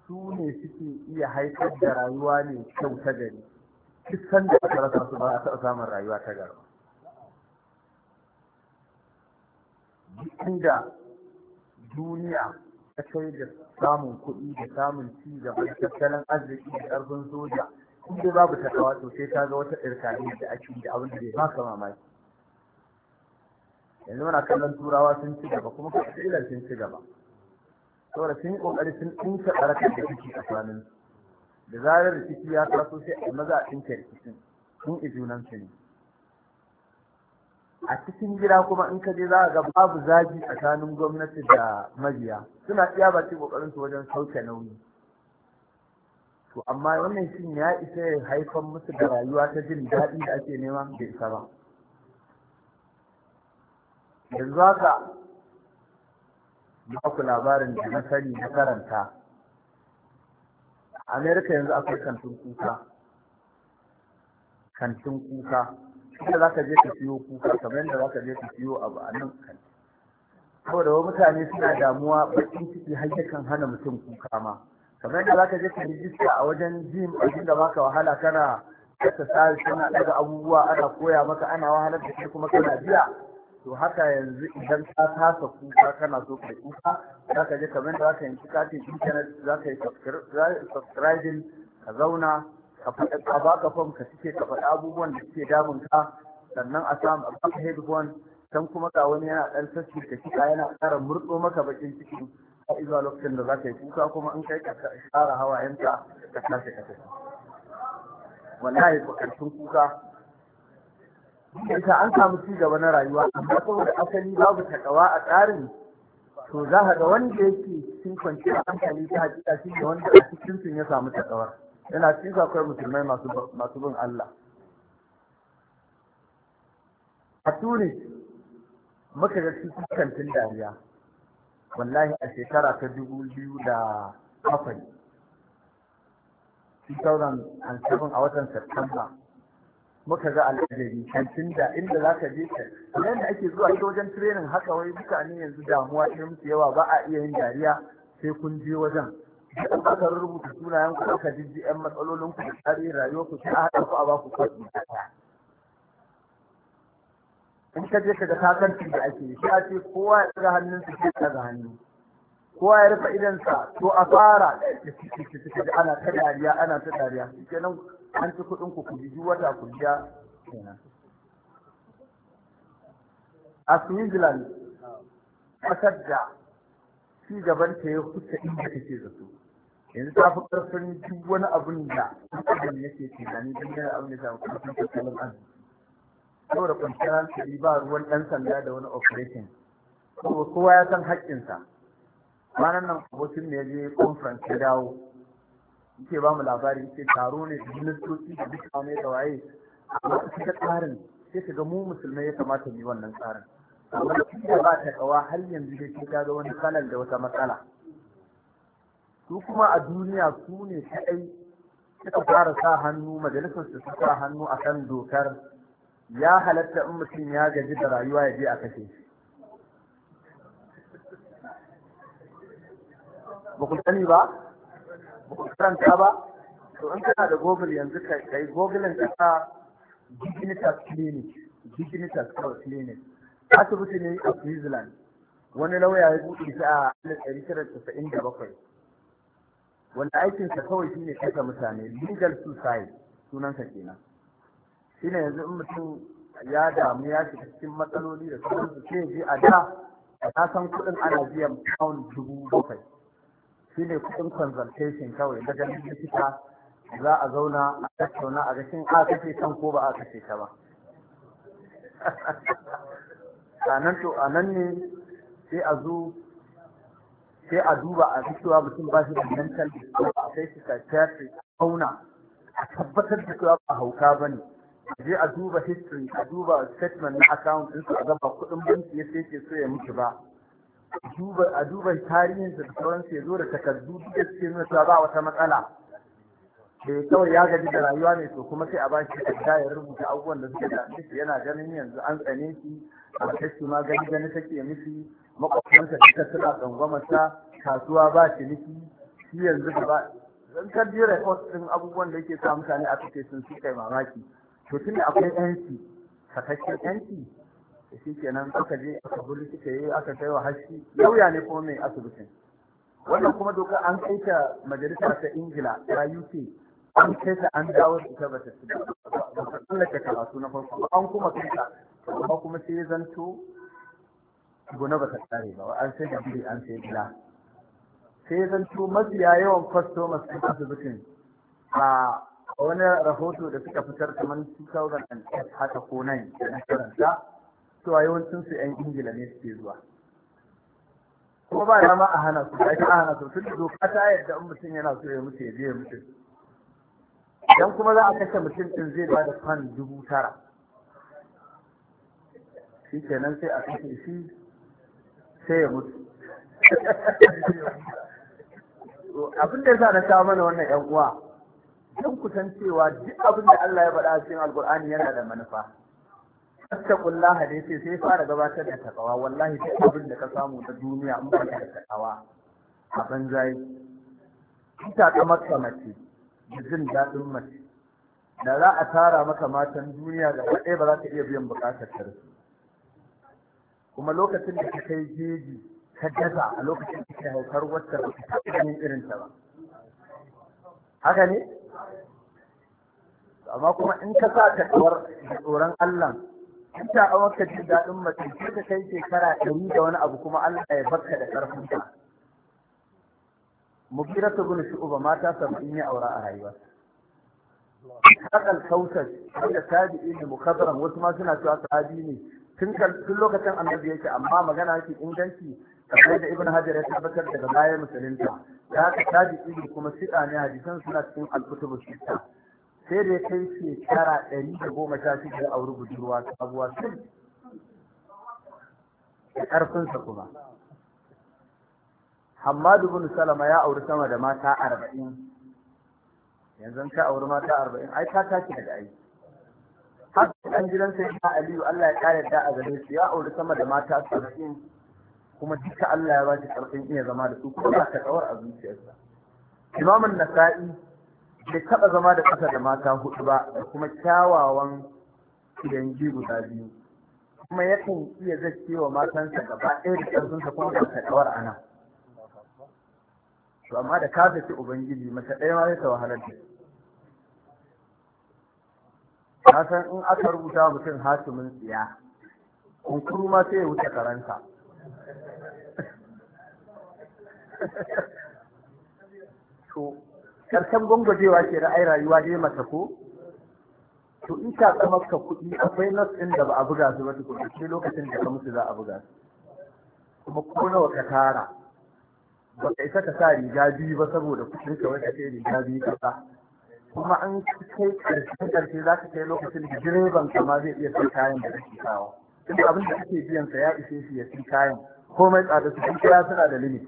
su ne suke iya haifar da rayuwa ne kyau ta gari duk sanda aka rasa su ba a taɓa samun rayuwa ta gari Duk inda duniya ta kai da samun kuɗi da samun ci gaba da tattalin arziki da ƙarfin soja inda babu takawa to sai ta ga wata irkani da ake da abin da bai ka mamaki yanzu muna kallon turawa sun ci gaba kuma ilar sun ci gaba saboda sun yi kokari sun dinka barakar da kiki a kwanan da zarar da kiki ya taso sai a maza a da rikicin sun i junan su ne a cikin gida kuma in ka je za ga babu zagi tsakanin gwamnati da mabiya suna iya ƙoƙarinsu kokarin su wajen sauke nauyi to amma wannan shin ya isa ya haifar musu da rayuwa ta jin daɗi da ake nema bai isa ba yanzu haka ba ku labarin da na sani na karanta amerika yanzu akwai kantin kuka kantin kuka inda za ka je ka siyo kuka kamar yadda za ka je ka siyo abu a nan kantin saboda wa mutane suna damuwa bakin ciki har yakan hana mutum kuka ma kamar yadda za ka je ka rijista a wajen jim abin da baka wahala kana kasa sa suna daga abubuwa ana koya maka ana wahalar da kai kuma kana biya to haka yanzu idan ka kasa kuka kana so kai kuka za ka je kamar da za ka yanki katin internet za ka yi subscribing ka zauna ka faɗa ka baka fom ka cike ka faɗa abubuwan da suke damun ka sannan a samu a baka headphone can kuma ka wani yana ɗan sassi ka cika yana ƙara murɗo maka bakin ciki a izuwa lokacin da za ka yi kuka kuma in kai ka ƙara hawayenka ka tashi ka tafi wallahi bukatun kuka ita an samu ci gaba na rayuwa amma saboda asali babu takawa a tsarin to za ka ga wanda yake cikin kwanciyar hankali ta hakika shi da wanda a cikin sun ya samu takawar yana cikin akwai musulmai masu bin Allah a tunis muka ga cikin kantin dariya wallahi a shekara ta dubu biyu da bakwai 2007 a watan Satumba muka ga aladari kantin da inda za ka je ka da ake zuwa ta wajen training haka wai mutane yanzu damuwa ne musu yawa ba a iya yin dariya sai kun je wajen da aka rubuta sunayen ku aka jijji yan matsalolin ku da tsari rayuwa ku sai a haɗa ku a ba ku kwaɗi in ka je ka ga takarci da ake yi sai a ce kowa ya ɗaga hannunsa sai ɗaga hannu kowa ya rufe idansa to a fara da ana ta dariya ana ta dariya kenan an ci kuɗin ku ku ji wata ku biya kenan a Switzerland ƙasar da ci gaban ta ya huce inda take zato yanzu ta fi ƙarfin duk wani abun da adam yake tunani don yana abin da ta fi ƙarfin tattalin arziki saboda kwanciyar hankali ba ruwan ɗan sanda da wani operation kowa ya san haƙƙinsa ranar nan abokin ne ya je conference ya dawo yake ba mu labari ce taro ne da ministoci da duk ne da waye amma ka tsarin sai ka ga mu musulmai ya kamata mu yi wannan tsarin amma da ba ta kawa har yanzu da ke ga wani kalal da wata matsala su kuma a duniya su ne kaɗai suka fara sa hannu majalisar su sa hannu a kan dokar ya halatta in mutum ya gaji da rayuwa ya je a kashe shi ba ku sani ba karanta ba to in kana da google yanzu ka yi google ka sa dignitas clinic dignitas clinic asibiti ne a switzerland wani lauya ya buɗe shi a 1997 wanda aikinsa kawai shine kasa mutane legal suicide sunansa kenan shine yanzu in mutum ya damu ya shiga cikin matsaloli da sauransu sai je a da na san kuɗin ana biyan pound dubu bakwai shine kuɗin consultation kawai daga likita za a zauna a tattauna a gashin a kashe kan ko ba a kashe ka ba sanan (laughs) to a nan ne sai a zo sai a duba a cewa mutum ba shi da mental a kai shi psychiatric auna a tabbatar da cewa ba hauka ba ne je a duba history a duba statement na account su a gaba kuɗin banki ya sai ke so ya mutu ba a duba tarihin da sauran ya zo da takardu duk da suke nuna cewa ba wata matsala ya eh, kawai ya gaji da rayuwa ne to kuma sai a ba shi da ya rubuta abubuwan da suke da shi yana ganin yanzu an tsane shi a kashi ma gani gani take mishi makwabtansa duka suna sa kasuwa ba shi niki shi yanzu da ba zan kaddi report din abubuwan da yake sa mutane a cikin sun suka mamaki to tunda akwai yanci yanci shi kenan aka je aka buli suka yi aka kai wa hashi lauya ne kuma mai asibitin wannan kuma doka an kai ta majalisa ta ingila ta uk an kai ta an dawo da ita ta ci ba tsallaka karatu na farko an kuma kai ta amma kuma sai zanto gona ta tsare ba an sai da biri an sai gila. sai zanto mafiya yawan customers ɗin asibitin a wani rahoto da suka fitar kamar 2008 haka ko 9 na karanta cewa yawancin su yan ingila ne suke zuwa kuma ba ma a hana su ba a hana su sun doka ta yadda in mutum yana so ya mutu ya je ya mutu idan kuma za a kashe mutum din zai ba da fan dubu tara shi kenan sai a kashe shi sai ya mutu abin da yasa na sha mana wannan yan uwa don kusan cewa duk abin da Allah ya faɗa a cikin alkur'ani yana da manufa fattakullah da ce sai fara gabatar da takawa wallahi duk abin da ka samu ta duniya in ba da takawa a banza yi. ita ta maka mace da jin daɗin mace da za a tara maka matan duniya da ɗaya ba za ka iya biyan buƙatar ta kuma lokacin da ka kai jeji ka gaza a lokacin da ka haukar wacce ba ka taɓa irin ta ba haka ne amma kuma in ka sa ta da tsoron Allah Ita a maka jin daɗin mace sai ka kai shekara ɗari da wani abu kuma Allah ya baka da ƙarfin ta mukira ta gudu shi uba mata sabbin ya aura a rayuwa haƙal kautar wanda bi ne mukabbaran wasu ma suna cewa sahabi ne tun lokacin annabi yake amma magana yake inganci kai da ibn hajar ya tabbatar daga bayan musulunta da haka bi ne kuma siɗa ne hadisan suna cikin alkutubu ta. sai da ya kai shekara ɗari da goma sha shida ya auri budurwa sabuwa sun da ƙarfinsa kuma Hamadu bin Salama ya auri sama da mata arba'in yanzu ka auri mata arba'in ai ka tashi daga aiki har ɗan gidan sai ta Aliyu Allah ya ƙara da a gare shi ya auri sama da mata arba'in kuma duka Allah ya ba shi ƙarfin iya zama da su kuma ta abinci a zuciyarsa imamun Nasa'i bai taɓa zama da ƙasa da mata hudu ba da kuma kyawawan dangi guda biyu kuma yakan iya zace wa matansa gaba ɗaya da sa kuma ba ta ana to amma da ka zaci ubangiji mace ɗaya ma zai ta wahalar da ka san in aka rubuta mutum hatimin tsiya kunkuru ma sai ya wuce karanta (laughs) to karshen gwangwajewa ke ra'ayi rayuwa dai mata ko to in ka ga kuɗi akwai nas ɗin da ba a buga su ba tukuna sai lokacin da ka musu za a buga su kuma ko nawa ka tara ba ka isa ka sa riga biyu ba saboda kuɗin ka wata sai riga biyu ka sa kuma an kai ƙarshen karshe za ka kai lokacin da direban ka ma zai iya sai kayan da kake kawo tunda abin da kake biyan sa ya ishe shi ya sai kayan komai tsada su kuma suna da limit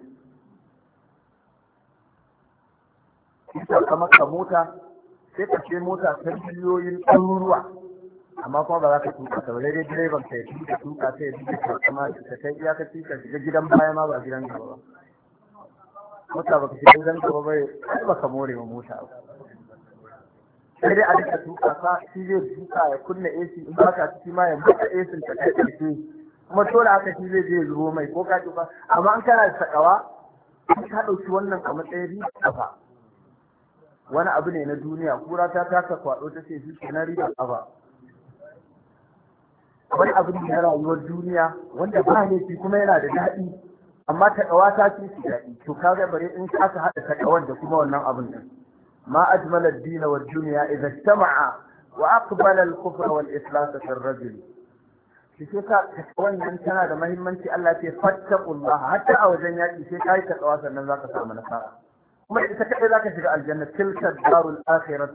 kisa ka maka mota sai ka ce mota ta miliyoyin ɗaruruwa amma kuma ba za ka tuka ta bare direban ka ya tuka tuka ta ya tuka kama shi ta kai iyakaci ka shiga gidan baya ma ba gidan gaba ba mota ba ka shiga gidan gaba ba kai ba ka more wa mota ba sai dai a duka tuka sa shi zai tuka ya kunna AC in ba ka ciki ma ya buka AC ta kai ƙarshe kuma dole haka shi zai je zuwa mai ko ka tuka amma an kana sakawa ka ɗauki wannan a matsayin riba wani abu ne na duniya kura ta taka kwado ta ce shi na riba aba wani abu ne na rayuwar duniya wanda ba ne shi kuma yana da daɗi amma takawa ta ce shi daɗi to kaga bare in ka ka haɗa takawar da kuma wannan abin din ma ajmala ad-din wa ad-dunya idha wa aqbala al-kufra wal islas fi ar-rajul shi ka nan tana da muhimmanci Allah ya ce fattaqullaha hatta a wajen yaƙi sai ka yi takawa sannan zaka samu nasara ومحدثة كحل ذاك في الجنة تلك الدار الآخرة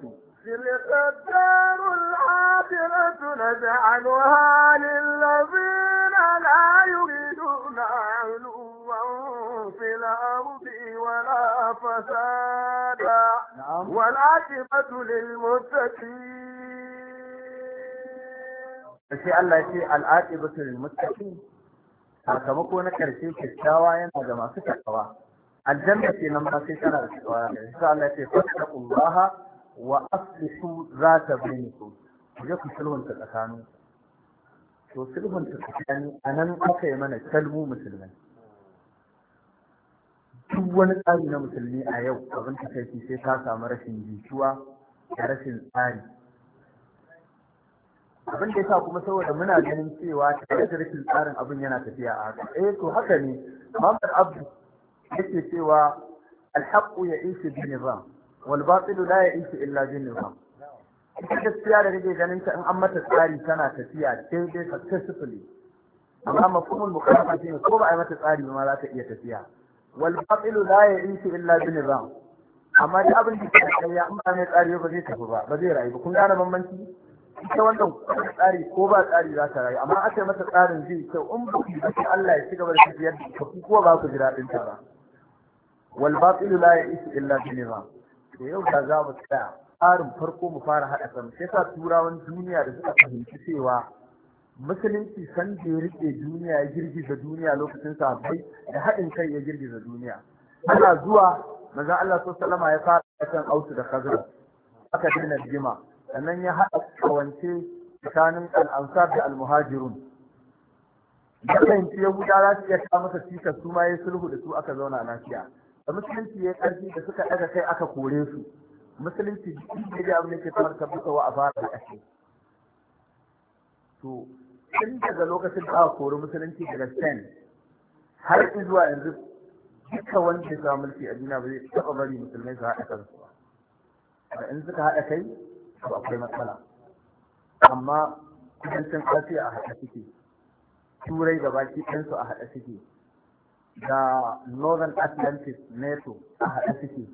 تلك الدار الآخرة نجعلها للذين لا يريدون علوا في الأرض ولا فسادا نعم. والعاقبة للمتقين شيء الله شيء العاقبة للمتقين هذا مكونة كرسي في الشاوية هذا aljanna ce nan ba sai tana da cewa insha Allah ce fattaqullaha wa aslihu zata bainakum ku je ku sulhunta tsakanin to sulhunta tsakanin anan aka yi mana kalmu musulmai duk wani tsari na musulmi a yau abin ta kai sai ta samu rashin jituwa da rashin tsari abin da yasa kuma saboda muna ganin cewa tare da rashin tsarin abin yana tafiya a haka eh to haka ne Muhammad Abdul yake cewa alhaqqu ya'ishu bi nizam wal batilu la ya'ishu illa bi nizam ita gaskiya da kake ganin ta in an mata tsari tana tafiya daidai successfully amma mafhumul mukhalafa shine ko ba a mata tsari ma za ta iya tafiya wal batilu la ya'ishu illa bi nizam amma da abin da ke tsariya in ba mai tsari ba zai tafi ba ba zai rayu ba kun gane bambanci ita wannan tsari ko ba tsari za ta rayu amma aka yi mata tsarin zai kyau in ba ku Allah ya ci gaba da tafiyar da ku ko ba ku jira daɗin ta ba wal batil ya isi illa bi nizam to yau da za mu tsaya tsarin farko mu fara hada kan sai sa turawan duniya da suka fahimci cewa musulunci san da ya riƙe duniya ya girgiza duniya lokacin sahabbai da haɗin kai ya girgiza duniya ana zuwa manzon Allah sallallahu alaihi ya fara kan ausu da kazara aka dina jima sannan ya haɗa kawance tsakanin al'ansar da al-muhajirun ya fahimci yahudawa za su iya ta masa cikas su ma ya sulhu da su aka zauna lafiya musulunci ya karfi da suka daga kai aka kore su musulunci duk da abin da ke kamar tabbata wa a fara da ake to tun daga lokacin da aka kori musulunci daga spain har zuwa yanzu duka wanda ya samu mulki a duniya ba zai bari musulmai su haɗa kansu ba in suka haɗa kai to akwai matsala amma kudancin asiya a haɗa suke turai baki ɗansu a haɗa suke da northern atlantic nato a haɗe suke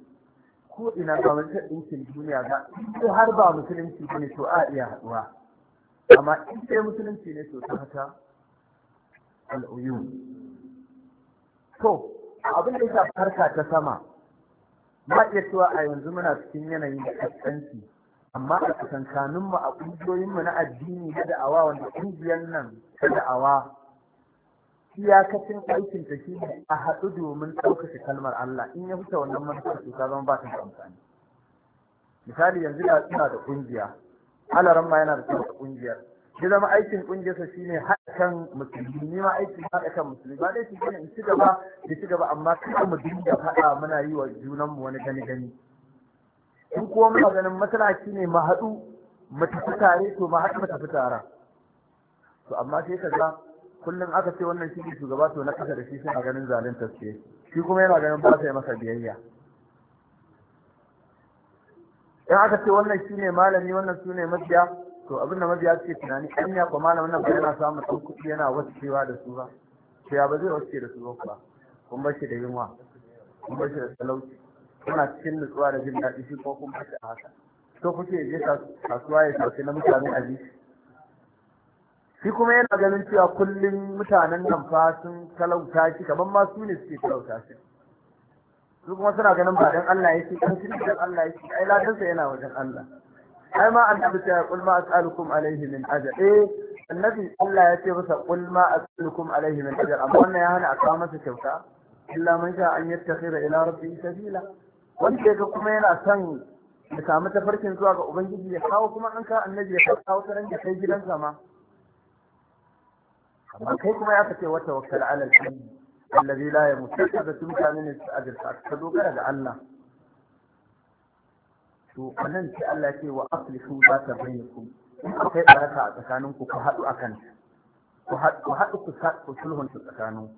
ko ina gwamnatin ɗinkin duniya ba ko har ba musulunci ba ne to a iya haɗuwa amma in sai musulunci ne to ta hata al'uyu to abin da ya farka ta sama ma iya cewa a yanzu muna cikin yanayin da amma a tsakankaninmu a ƙungiyoyinmu na addini da da'awa wanda ƙungiyar nan ta da'awa iyakacin aikin ta shi a haɗu domin ɗaukaka kalmar Allah in ya fita wannan manufar to ta zama ba ta amfani misali yanzu da suna da ƙungiya alaran ma yana da suna da ƙungiyar ya zama aikin ƙungiyarsa shine haɗa kan musulmi ni ma aikin haɗa kan musulmi ba dai shi ne in ci gaba da ci gaba amma kada mu dinga faɗa muna yi wa junanmu wani gani gani in kuma muna ganin matsala ne mu haɗu mu tafi tare to mu haɗu mu tafi tara to amma sai ka ga kullum aka ce wannan shi ne shugaba to na kasa da shi suna ganin zalunta ce shi kuma yana ganin ba sai masa biyayya in aka ce wannan shi ne malami wannan su ne mabiya to abinda mabiya suke tunani an ya kuma malamin nan ba yana samun ɗan kuɗi yana wacewa da su ba to ya ba zai wace da su ba kuma kun bar shi da yunwa kun bar shi da talauci kuna cikin nutsuwa da jin daɗi shi ko kun bar shi a haka to kuke je kasuwa ya sauke na mutane a jiki shi kuma yana ganin cewa kullum mutanen nan fa sun talauta shi kaman ma su ne suke talauta shi su kuma suna ganin ba dan Allah yake kan shi dan Allah yake ai ladansa yana wajen Allah ai ma annabi ta kul ma as'alukum alaihi min ajr eh annabi Allah ya ce masa kul ma as'alukum alaihi min ajr amma wannan ya hana a kawo masa kyauta illa man sha an yattakhira ila rabbihi sabila wanda ga kuma yana son ya samu tafarkin zuwa ga ubangiji ya kawo kuma an ka annabi ya kawo taran da kai gidansa ma amma kai kuma ya kace wata wakkal alal al-hayy alladhi la yamut sai da mutane ne su ajirta ka dogara ga Allah to anan sai Allah ce wa aslihu ta bainakum in akwai baraka a tsakaninku ku haɗu akan ku haɗu ku ku sulhun tsakanin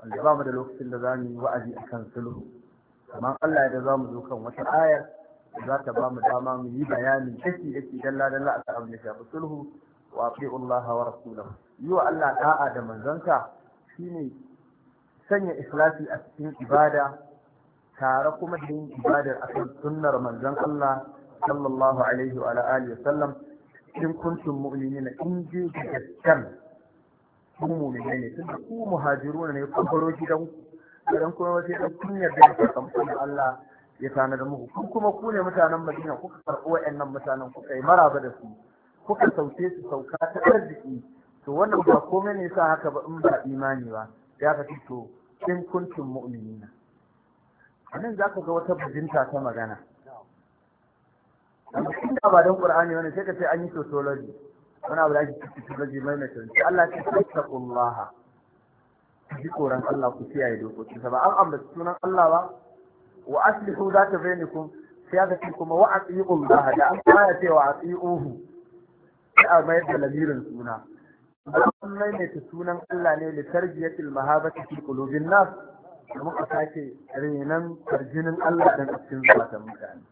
wanda ba mu da lokacin da za mu yi wa'azi a sulhu amma Allah ya da za mu zo kan wata ayar za ta ba mu dama mu yi bayanin kashi da ke dalla dalla a tsakanin abin shafi sulhu wa aqi'u Allah wa rasulahu yi wa Allah ɗa'a da manzansa shine sanya ikhlasi a cikin ibada tare kuma da yin ibadar kan sunnar manzan Allah sallallahu alaihi wa alihi wasallam in kuntum mu'minina in ji gaskan kun mu'minai ne tunda ku muhajiruna ne ku baro gidan idan kuma wace dan kunyar da kuka kamfani Allah ya tana da muku kun kuma ku ne mutanen Madina kuka karɓo wayannan mutanen kuka yi maraba da su kuka sauke su sauka ta arziki to wannan ba komai ne sa haka ba in ba imani ba ya ka to in kuntum mu'minina anan ka ga wata bujinta ta magana amma inda ba dan qur'ani wani sai ka ce an yi sociology wani abu da ake cikin sociology mai mai tunci Allah ya ce taqullaha ji koran Allah ku kiyaye dokokin dokoki ba an ambaci sunan Allah ba wa aslihu zata bainakum sai ka ce kuma wa atiiu Allah da an fara cewa atiiuhu sai a mayar da lamirin suna ne ta sunan Allah ne li tarbiyatil mahabbati fi qulubin nas da muka sake renan tarjinin Allah dan cikin zuciyar mutane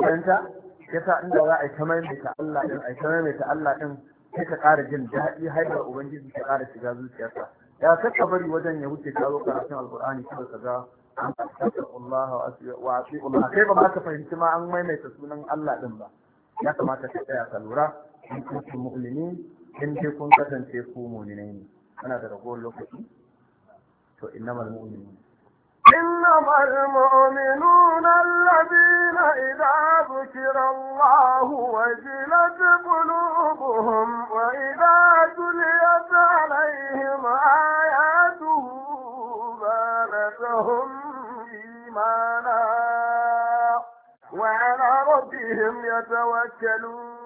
kanta yasa inda za a yi ta maimaita Allah din a yi ta maimaita Allah din sai ka ƙara jin daɗi har da ubangiji ka ƙara shiga zuciyarsa ya saka bari wajen ya wuce karo karatun alqur'ani kuma ka ga an tsaka Allah wa asi'u Allah kai ba ma ka fahimci ma an maimaita sunan Allah din ba ya kamata ka tsaya ka lura in kuntum mu'minin in dai kun kasance ku mu'minai ne ana da ragowar lokaci to innamal mu'minu innamal mu'minu alladhina idza dhukira Allahu wajilat qulubuhum wa idza tuliyat alayhim ayatuhu zadatuhum imana وعلى ربهم يتوكلون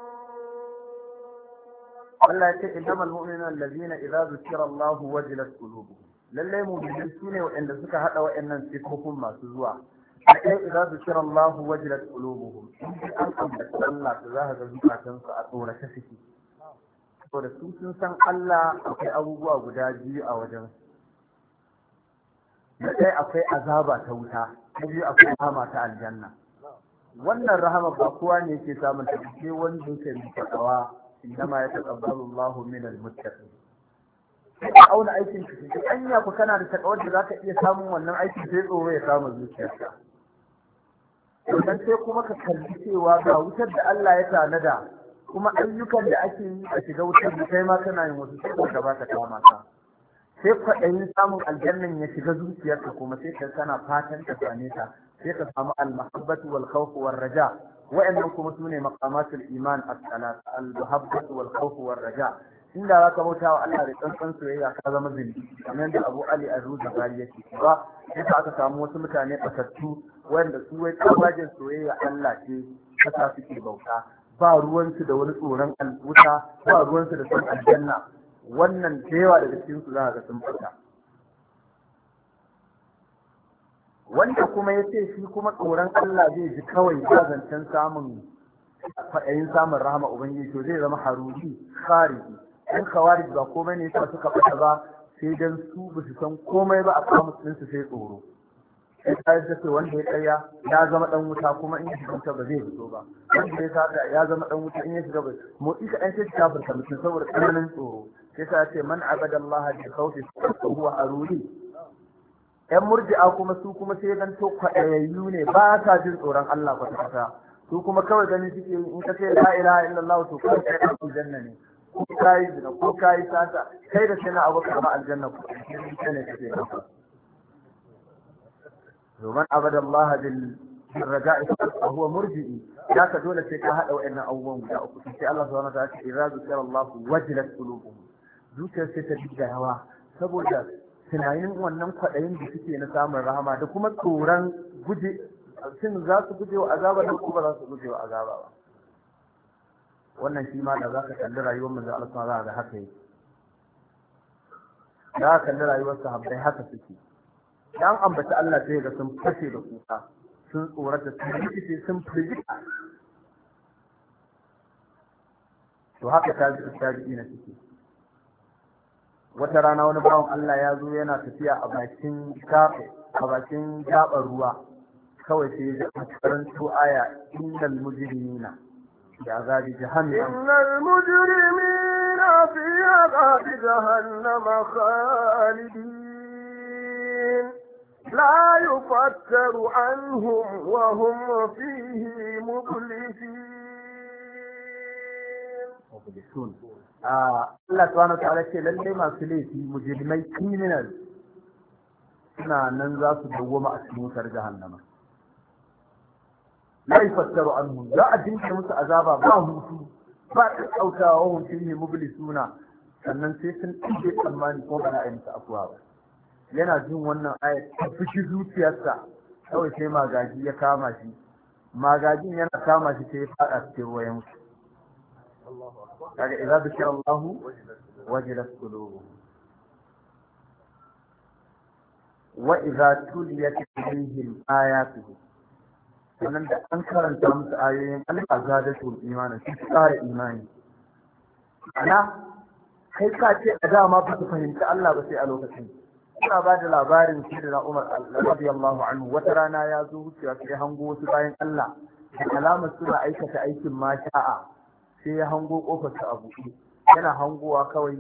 Allah ya ce innamal mu'minuna allazina idza zukira Allah wajilat qulubuhum lallai mu'minin sune waɗanda suka hada waɗannan sifofin masu zuwa sai idza zukira Allah wajilat qulubuhum in an ambata Allah to za ka ga zukatan su a tsorata suke saboda su sun san Allah akwai abubuwa guda biyu a wajen na ɗaya akwai azaba ta wuta na biyu akwai rahama ta aljanna wannan rahama ba kowa ne ke samun ta wanda wani mai fadawa innama ya الله من المتقين al ka auna aikin ka shi anya ku kana da takawar da zaka iya samun wannan aikin sai tsoro ya samu zuciyarka dan sai kuma ka kalli cewa ga wutar da Allah ya tanada kuma ayyukan da ake yi a shiga wutar da kai ma kana yin wasu saboda ba baka kama ka sai kwaɗayin samun aljannan ya shiga zuciyarka kuma sai ka kana fatan ka same ta sai ka samu al-mahabbatu wal khawfu war raja' wa'annan kuma su ne iman as-salat al-muhabbatu wal khawf war raja inda zaka bauta wa Allah da tsantsan soyayya ka zama zindi kamar da Abu Ali Az-Zuzari yake ba yasa aka samu wasu mutane batattu wanda su wai tsabajin soyayya Allah ce kasa suke bauta ba ruwansu da wani tsoron wuta. ba ruwansu da son aljanna wannan da yawa daga cikin su za ga sun fita wanda kuma ya ce shi kuma tsoron Allah zai ji kawai ba zancen samun fadayin samun rahama ubangiji to zai zama haruri khariji in khawarij ba komai ne sa suka fata ba sai dan su ba su san komai ba a kamus ɗinsu sai tsoro sai ta ce wanda ya tsaya ya zama ɗan wuta kuma in ya ba zai fito ba wanda ya sada ya zama ɗan wuta in ya shiga ba motsi kaɗan sai ta kafirta mutum saboda tsananin tsoro sai ta ce man abadallaha bi khawfi fa huwa haruri 'yan murji'a kuma su kuma sai dan to kwaɗayayyu ne ba sa jin tsoron Allah kwata-kwata su kuma kawai ganin suke in ka ce la ilaha illallah to kai kai aljanna ne ko ka yi zina ko ka yi sata kai da sai na abu ka ba aljanna ko kai ne kake ba domin abada Allah bil raja'i fa huwa murji'i ya ka dole sai ka hada wa'annan abubuwan guda uku sai Allah subhanahu wa ta'ala ya razu sai Allah wajilat qulubuhum zuciyar sai ta dinga hawa saboda tunanin wannan kwaɗayin da suke na samun rahama da kuma tsoron guje shin za su guje wa azaba da kuma za su guje wa azaba ba wannan shi ma da za ka kalli rayuwar mu da sun za ga haka yake Za ka kalli rayuwar sahabbai haka suke dan ambata Allah sai ga sun fashe da kuka sun tsorata sun rikice sun firgita to haka ta ji ta ji ina suke wata rana wani bawan Allah ya zo yana tafiya a bakin gaɓe a bakin gaɓar ruwa kawai sai ya karanto aya innal mujrimina bi azabi jahannam innal mujrimina fi azabi jahannam khalidin la yufattaru anhum wa hum fihi mublisun Allah subhanahu wa ta'ala ce lalle masu laifi mujrimai criminal suna nan za su dawwama a cikin wutar jahannama la yufassaru anhum za a dinka musu azaba ba hutu ba tsautawa wa mubili suna, sannan sai sun ɗige tsammani ko ba na ayyuka afuwa ba yana jin wannan ayar ta fushi zuciyarsa kawai sai magaji ya kama shi magajin yana kama shi sai ya faɗa cikin ruwa ya kaga idza dhikra Allah wajilat qulubuhum wa idza tuliyat alaihim ayatuhu sannan da an karanta musu ayoyin Allah zadatu imanin su kare imani ana kai ka ce a dama ba su fahimci Allah ba sai a lokacin suna ba da labarin sirrina Umar radiyallahu anhu wata rana ya zo wucewa sai hango wasu bayan Allah da alamar suna aikata aikin masha'a sai ya hango kofarsa a buɗe yana hangowa kawai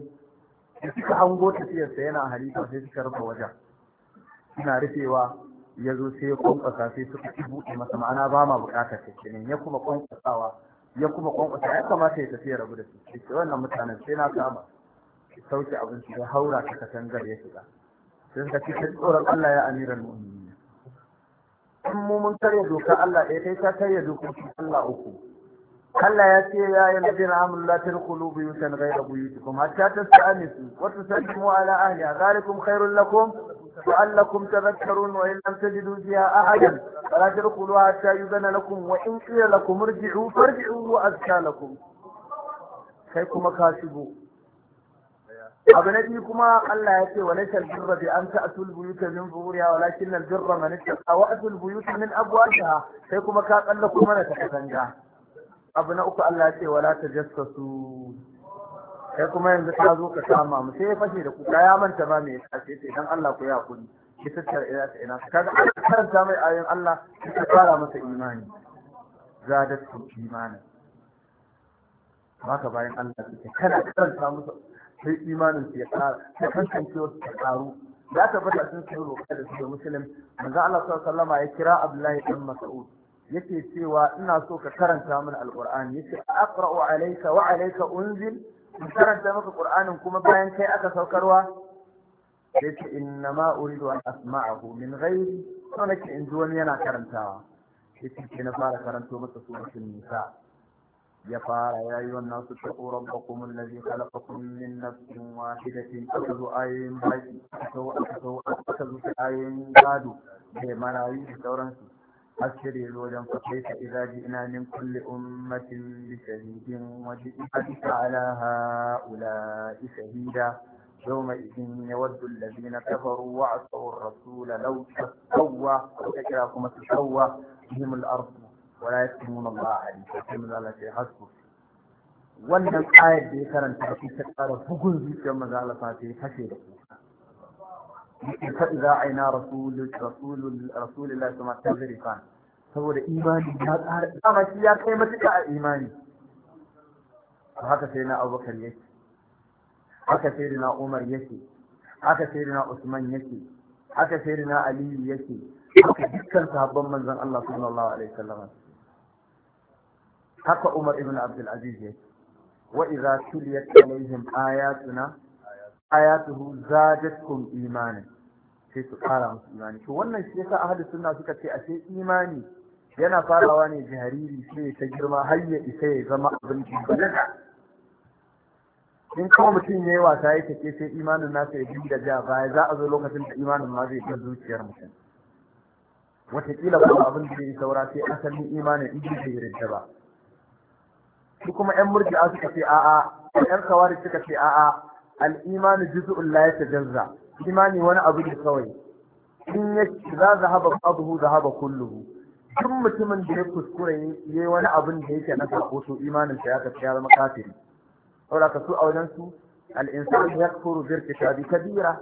da suka hango tafiyarsa yana halitta sai suka rufe wajen suna rufewa ya zo sai ya kwankwasa sai suka ci buɗe masa ma'ana ba ma buƙatar ta ya kuma kwankwasawa ya kuma kwankwasa ya kamata ya tafi ya rabu da su sai wannan mutanen sai na kama sauke abinci ya haura ta katangar ya shiga sai suka ci ta tsoron Allah ya amiran mu'minin in mu mun karya doka Allah ɗaya kai ta karya dokokin Allah uku Allah ya ce ya yi ladin amur su tarkulu buyutan ghayra buyutikum hatta tasta'nisu wa tusallimu ala ahliha zalikum khairul lakum لعلكم تذكرون وإن لم تجدوا فيها أحدا فلا تدخلوها حتى يذن لكم وإن قيل لكم ارجعوا فارجعوا وأزكى لكم كيكم كاسبوا abu na biyu kuma Allah ya ce wala birra bi an ta'tul buyuta min zuhuriha na birra man ittaqa wa atul buyuta min abwabiha sai kuma ka kalla kuma na ta kasanga abu na uku Allah ce wala ta jassasu sai kuma yanzu ka zo ka kama mu sai ya fashe da kuka ya manta ma me ya ce sai dan Allah ku ya kuni ki tattar ina ta ina ga an karanta mai ayoyin Allah ki fara masa imani ku imani haka bayan Allah ki kana karanta musu sai imanin ki ya fara. sai kasance wasu ta da ya tabbata sun sai roƙa da su da musulun manzo Allah sallallahu alaihi ya kira Abdullahi dan Mas'ud yake cewa ina so ka karanta min alƙur'ani yace aqra'u alayka wa alayka unzil in karanta maka qur'anin kuma bayan kai aka saukarwa yace inna ma uridu an asma'ahu min ghairi to nake in ji wani yana karantawa yace ke na fara karanto masa suratul nisa ya fara ya yi wannan su ta tsoron bakum allazi khalaqakum min nafsin wahidatin aka zo ayoyin baki aka zo aka zo aka zo ayoyin gado da marayu da sauransu حسر يزوجا فكيف إذا جئنا من كل أمة بشهيد وجئنا بك على هؤلاء شهيدا يومئذ يود الذين كفروا وعصوا الرسول لو تسوى وتكراكم تسوى بهم الأرض ولا يكتمون الله عليه يكتمون الله في حسبه wannan ayar da ya karanta a cikin ƙara bugun zuciyar maza Allah ta yi fashe da kuka فإذا عينا رسول رسول رسول الله كما تذرفان saboda imani ya tsara dama ya kai matuƙa a imani haka sai na abubakar yake haka sai na umar yake haka sai na usman yake haka sai na aliyu yake haka dukkan sahabban manzan Allah sallallahu alaihi wasallam haka umar ibn abdul aziz yake wa idza tuliyat alaihim ayatuna ayatuhu zadatkum imani sai su fara musu imani to wannan shi yasa ahli sunna suka ce ashe imani yana farawa ne jariri sai ta girma har ya isa ya zama abin balaga in kuma mutum ya yi wasa ya ce sai imanin nasa ya bi da ja baya za a zo lokacin da imanin ma zai ta zuciyar mutum wataƙila kuma abin da zai saura sai asalin imanin in bai yarda ba su kuma yan murji'a suka ce a'a yan kawari suka ce a'a al-imanu juz'un la yatajazza imani wani abu ne kawai in ya za zahaba ba'dahu zahaba kulluhu duk mutumin da ya kuskure ya wani abin da yake na sako to imanin sa ya tafi ya zama kafiri saboda ka su a wajen su al-insan yakfuru bi irtikabi kabira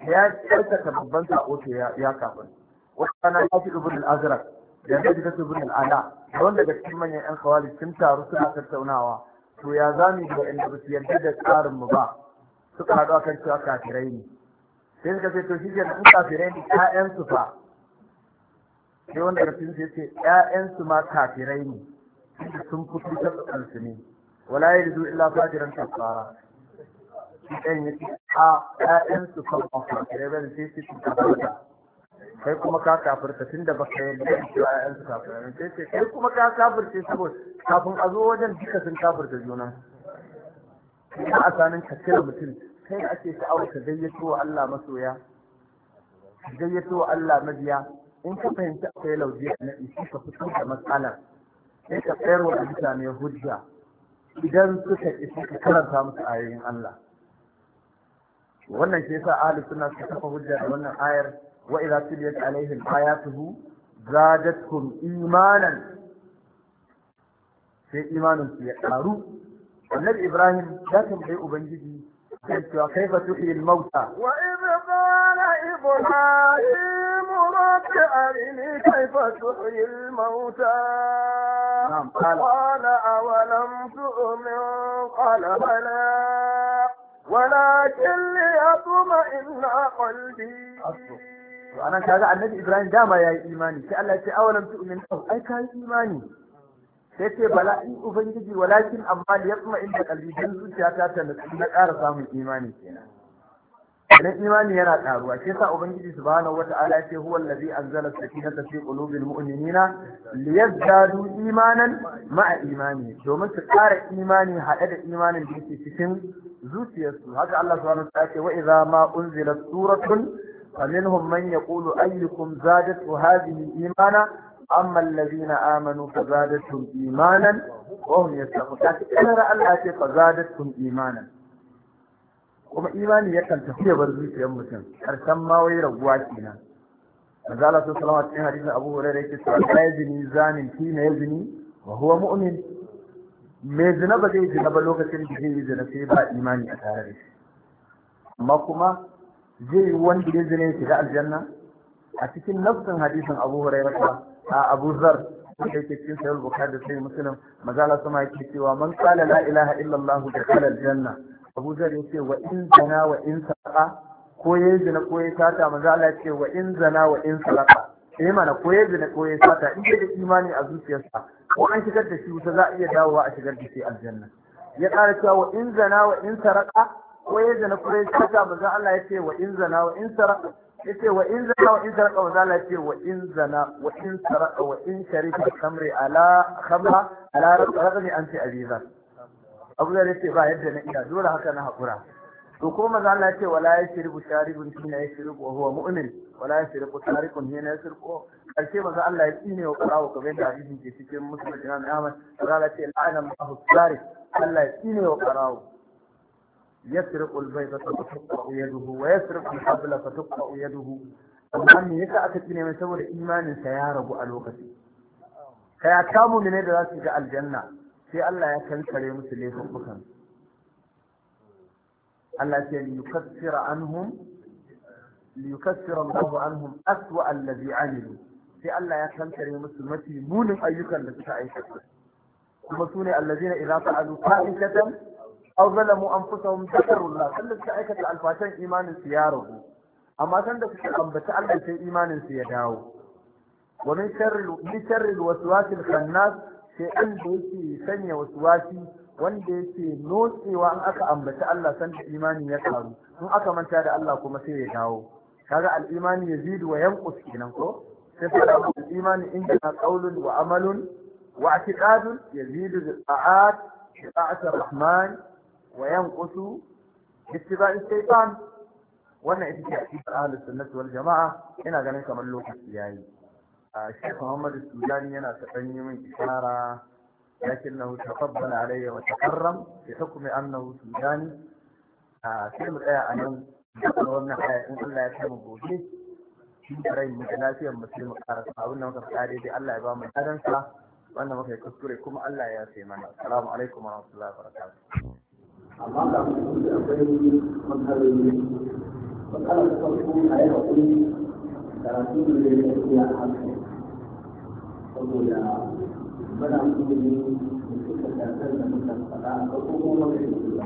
ya tsarkaka babban sako to ya kafin. wata na ya fi ibn al da ya fi ibn al-ala wanda daga cikin manyan yan kawali sun taru suna tattaunawa to ya zami da inda ba su yarda da tsarin mu ba suka haɗu akan cewa kafirai ne sai suka ce to shi ke kafirai ne ƴaƴansu fa sai wanda rafin sai ce ƴaƴansu ma kafirai ne sun fito ta tsakansu ne wala yaridu illa fajiran kafara shi ɗan ya ce a ƴaƴansu fa ba kafirai ba sai su ci kafirai kai kuma ka kafirta tun da baka yarda da cewa ƴaƴansu kafirai sai ce kai kuma ka kafirce saboda kafin a zo wajen duka sun kafirta junan ba a sanin ka mutum kai da ake sha'awar ka gayyato wa Allah masoya ka gayyato wa Allah mabiya in ka fahimci akwai lauje a ka fito da matsalar sai ka tsayar wa mutane hujja idan suka isa ka karanta musu ayoyin Allah wannan shi yasa ahli sunna suka kafa hujja da wannan ayar wa idza tuliyat alaihim ayatuhu zadatkum imanan sai imanin su ya karu والنبي إبراهيم لا tambayi أبنجدي كيف تحيي الموتى وإذ قال wa إبراهيم رب أرني كيف تحيي الموتى نعم قال قال أولم تؤمن قال بلى ولكن ليطمئن قلبي أنا كذا النبي إبراهيم دام يا إيماني كأن الله أولم تؤمن أو أي كان اولم تومن او اي كان ايماني sai ce bala in ubangiji walakin amma da ya tsuma inda kalbi don zuciya ta ta na ƙara samun imani kenan idan imani yana ƙaruwa shi yasa ubangiji subhanahu wata'ala ce huwa allazi anzala sakinata fi qulubil mu'minina liyazdadu imanan ma'a imani domin su ƙara imani haɗe da imanin da yake cikin zuciyarsu haka Allah subhanahu wata'ala ce wa idza ma unzilat suratun فمنهم من يقول أيكم زادت هذه إيمانا أما الذين آمنوا فزادتهم إيمانا وهم يسلمون لكن أنا رأى الله فزادتهم imanan. kuma imani yakan tafiya bar zuciyar mutum karshen ma wai raguwa kenan manzo Allah sallallahu alaihi cikin hadisin Abu Hurairah yake cewa la yazni zanin fi na yazni wa huwa mu'min me zina ba zai zina ba lokacin da zai yi zina sai ba imani a tare da shi amma kuma zai yi wanda ya zina ya shiga aljanna a cikin nafsin hadisin Abu Hurairah Abu Zar wanda yake cikin sahih Bukhari da sahih Muslim mazala sama yake cewa man qala la ilaha illa Allah dakhala al-janna Abu Zar ce, wa in zana wa in saqa ko yayi zina ko yayi sata mazala yace wa in zana wa in saqa sai eh mana ko yayi zina ko yayi sata in da imani a zuciyarsa ko an shigar da shi wuta za a iya dawowa a shigar da shi aljanna ya ƙara cewa wa in zana wa in saraka ko ya zana ko ya sata manzo ya ce wa in zana wa in saraka yace wa in zana wa in sarqa wa zala yace wa in zana wa in sarqa wa in sharika khamri ala khamra ala raqami anti abizan abu da yace ba yadda na iya dole haka na hakura to kuma manzo Allah yace wala yashribu sharibun hina yashribu wa huwa mu'min wala yashribu tarikun hina yashribu karshe manzo Allah ya tsine wa qarawo kamar yadda hadisin ke cikin muslim Imam Ahmad Allah yace la'ana Allahu tarik Allah ya tsine wa qarawo يسرق البيضة فتقطع يده ويسرق الحبل فتقطع يده أن الدنيا من يسوي الإيمان سيارب الوقت فيعتام من يد راسك الجنة في الله يكن كريم سلي فوقك الله يكن يكفر عنهم ليكفر الله عنهم أسوأ الذي عملوا في الله يكن كريم سلي مون أيك الذي تعيش المسوني الذين إذا فعلوا فائدة aw zalamu anfusahum dhakarullah sallan suka aikata alfashan imanin su ya ragu amma san da suka ambaci Allah sai imanin su ya dawo wa min sharri min sharri waswasil khannas sai an yake sanya waswasi wanda yake notsewa an aka ambata Allah san da imani ya karu in aka manta da Allah kuma sai ya dawo kaga al-imani yazidu wa yanqus kenan ko sai fara al-imani in kana wa amalun wa i'tiqadun yazidu al-ta'at ta'at ar-rahman wa yanqusu ittiba'i shaytan wannan ita ce aqidar ahlus sunnah wal jamaa ina ganin kamar lokaci yayi Sheikh Muhammad Sudani yana ta danyi min isharar لكنه تقبل علي وتكرم بحكم أنه سوداني كلمة آية أن يقولون حياة إن الله يتهم بوجيه shi rai mutanafiyar musulmi karasa abin da muka tsare dai dai Allah ya ba mu kadansa wannan muka yi kuskure kuma Allah ya sai mana assalamu alaikum wa rahmatullahi wa barakatuh amma da su da akwai matsaloli matsalar ta farko a yi haƙuri karatu da ya yi a hankali saboda bana su ne da suka tattar da mutan faɗa a kuma mai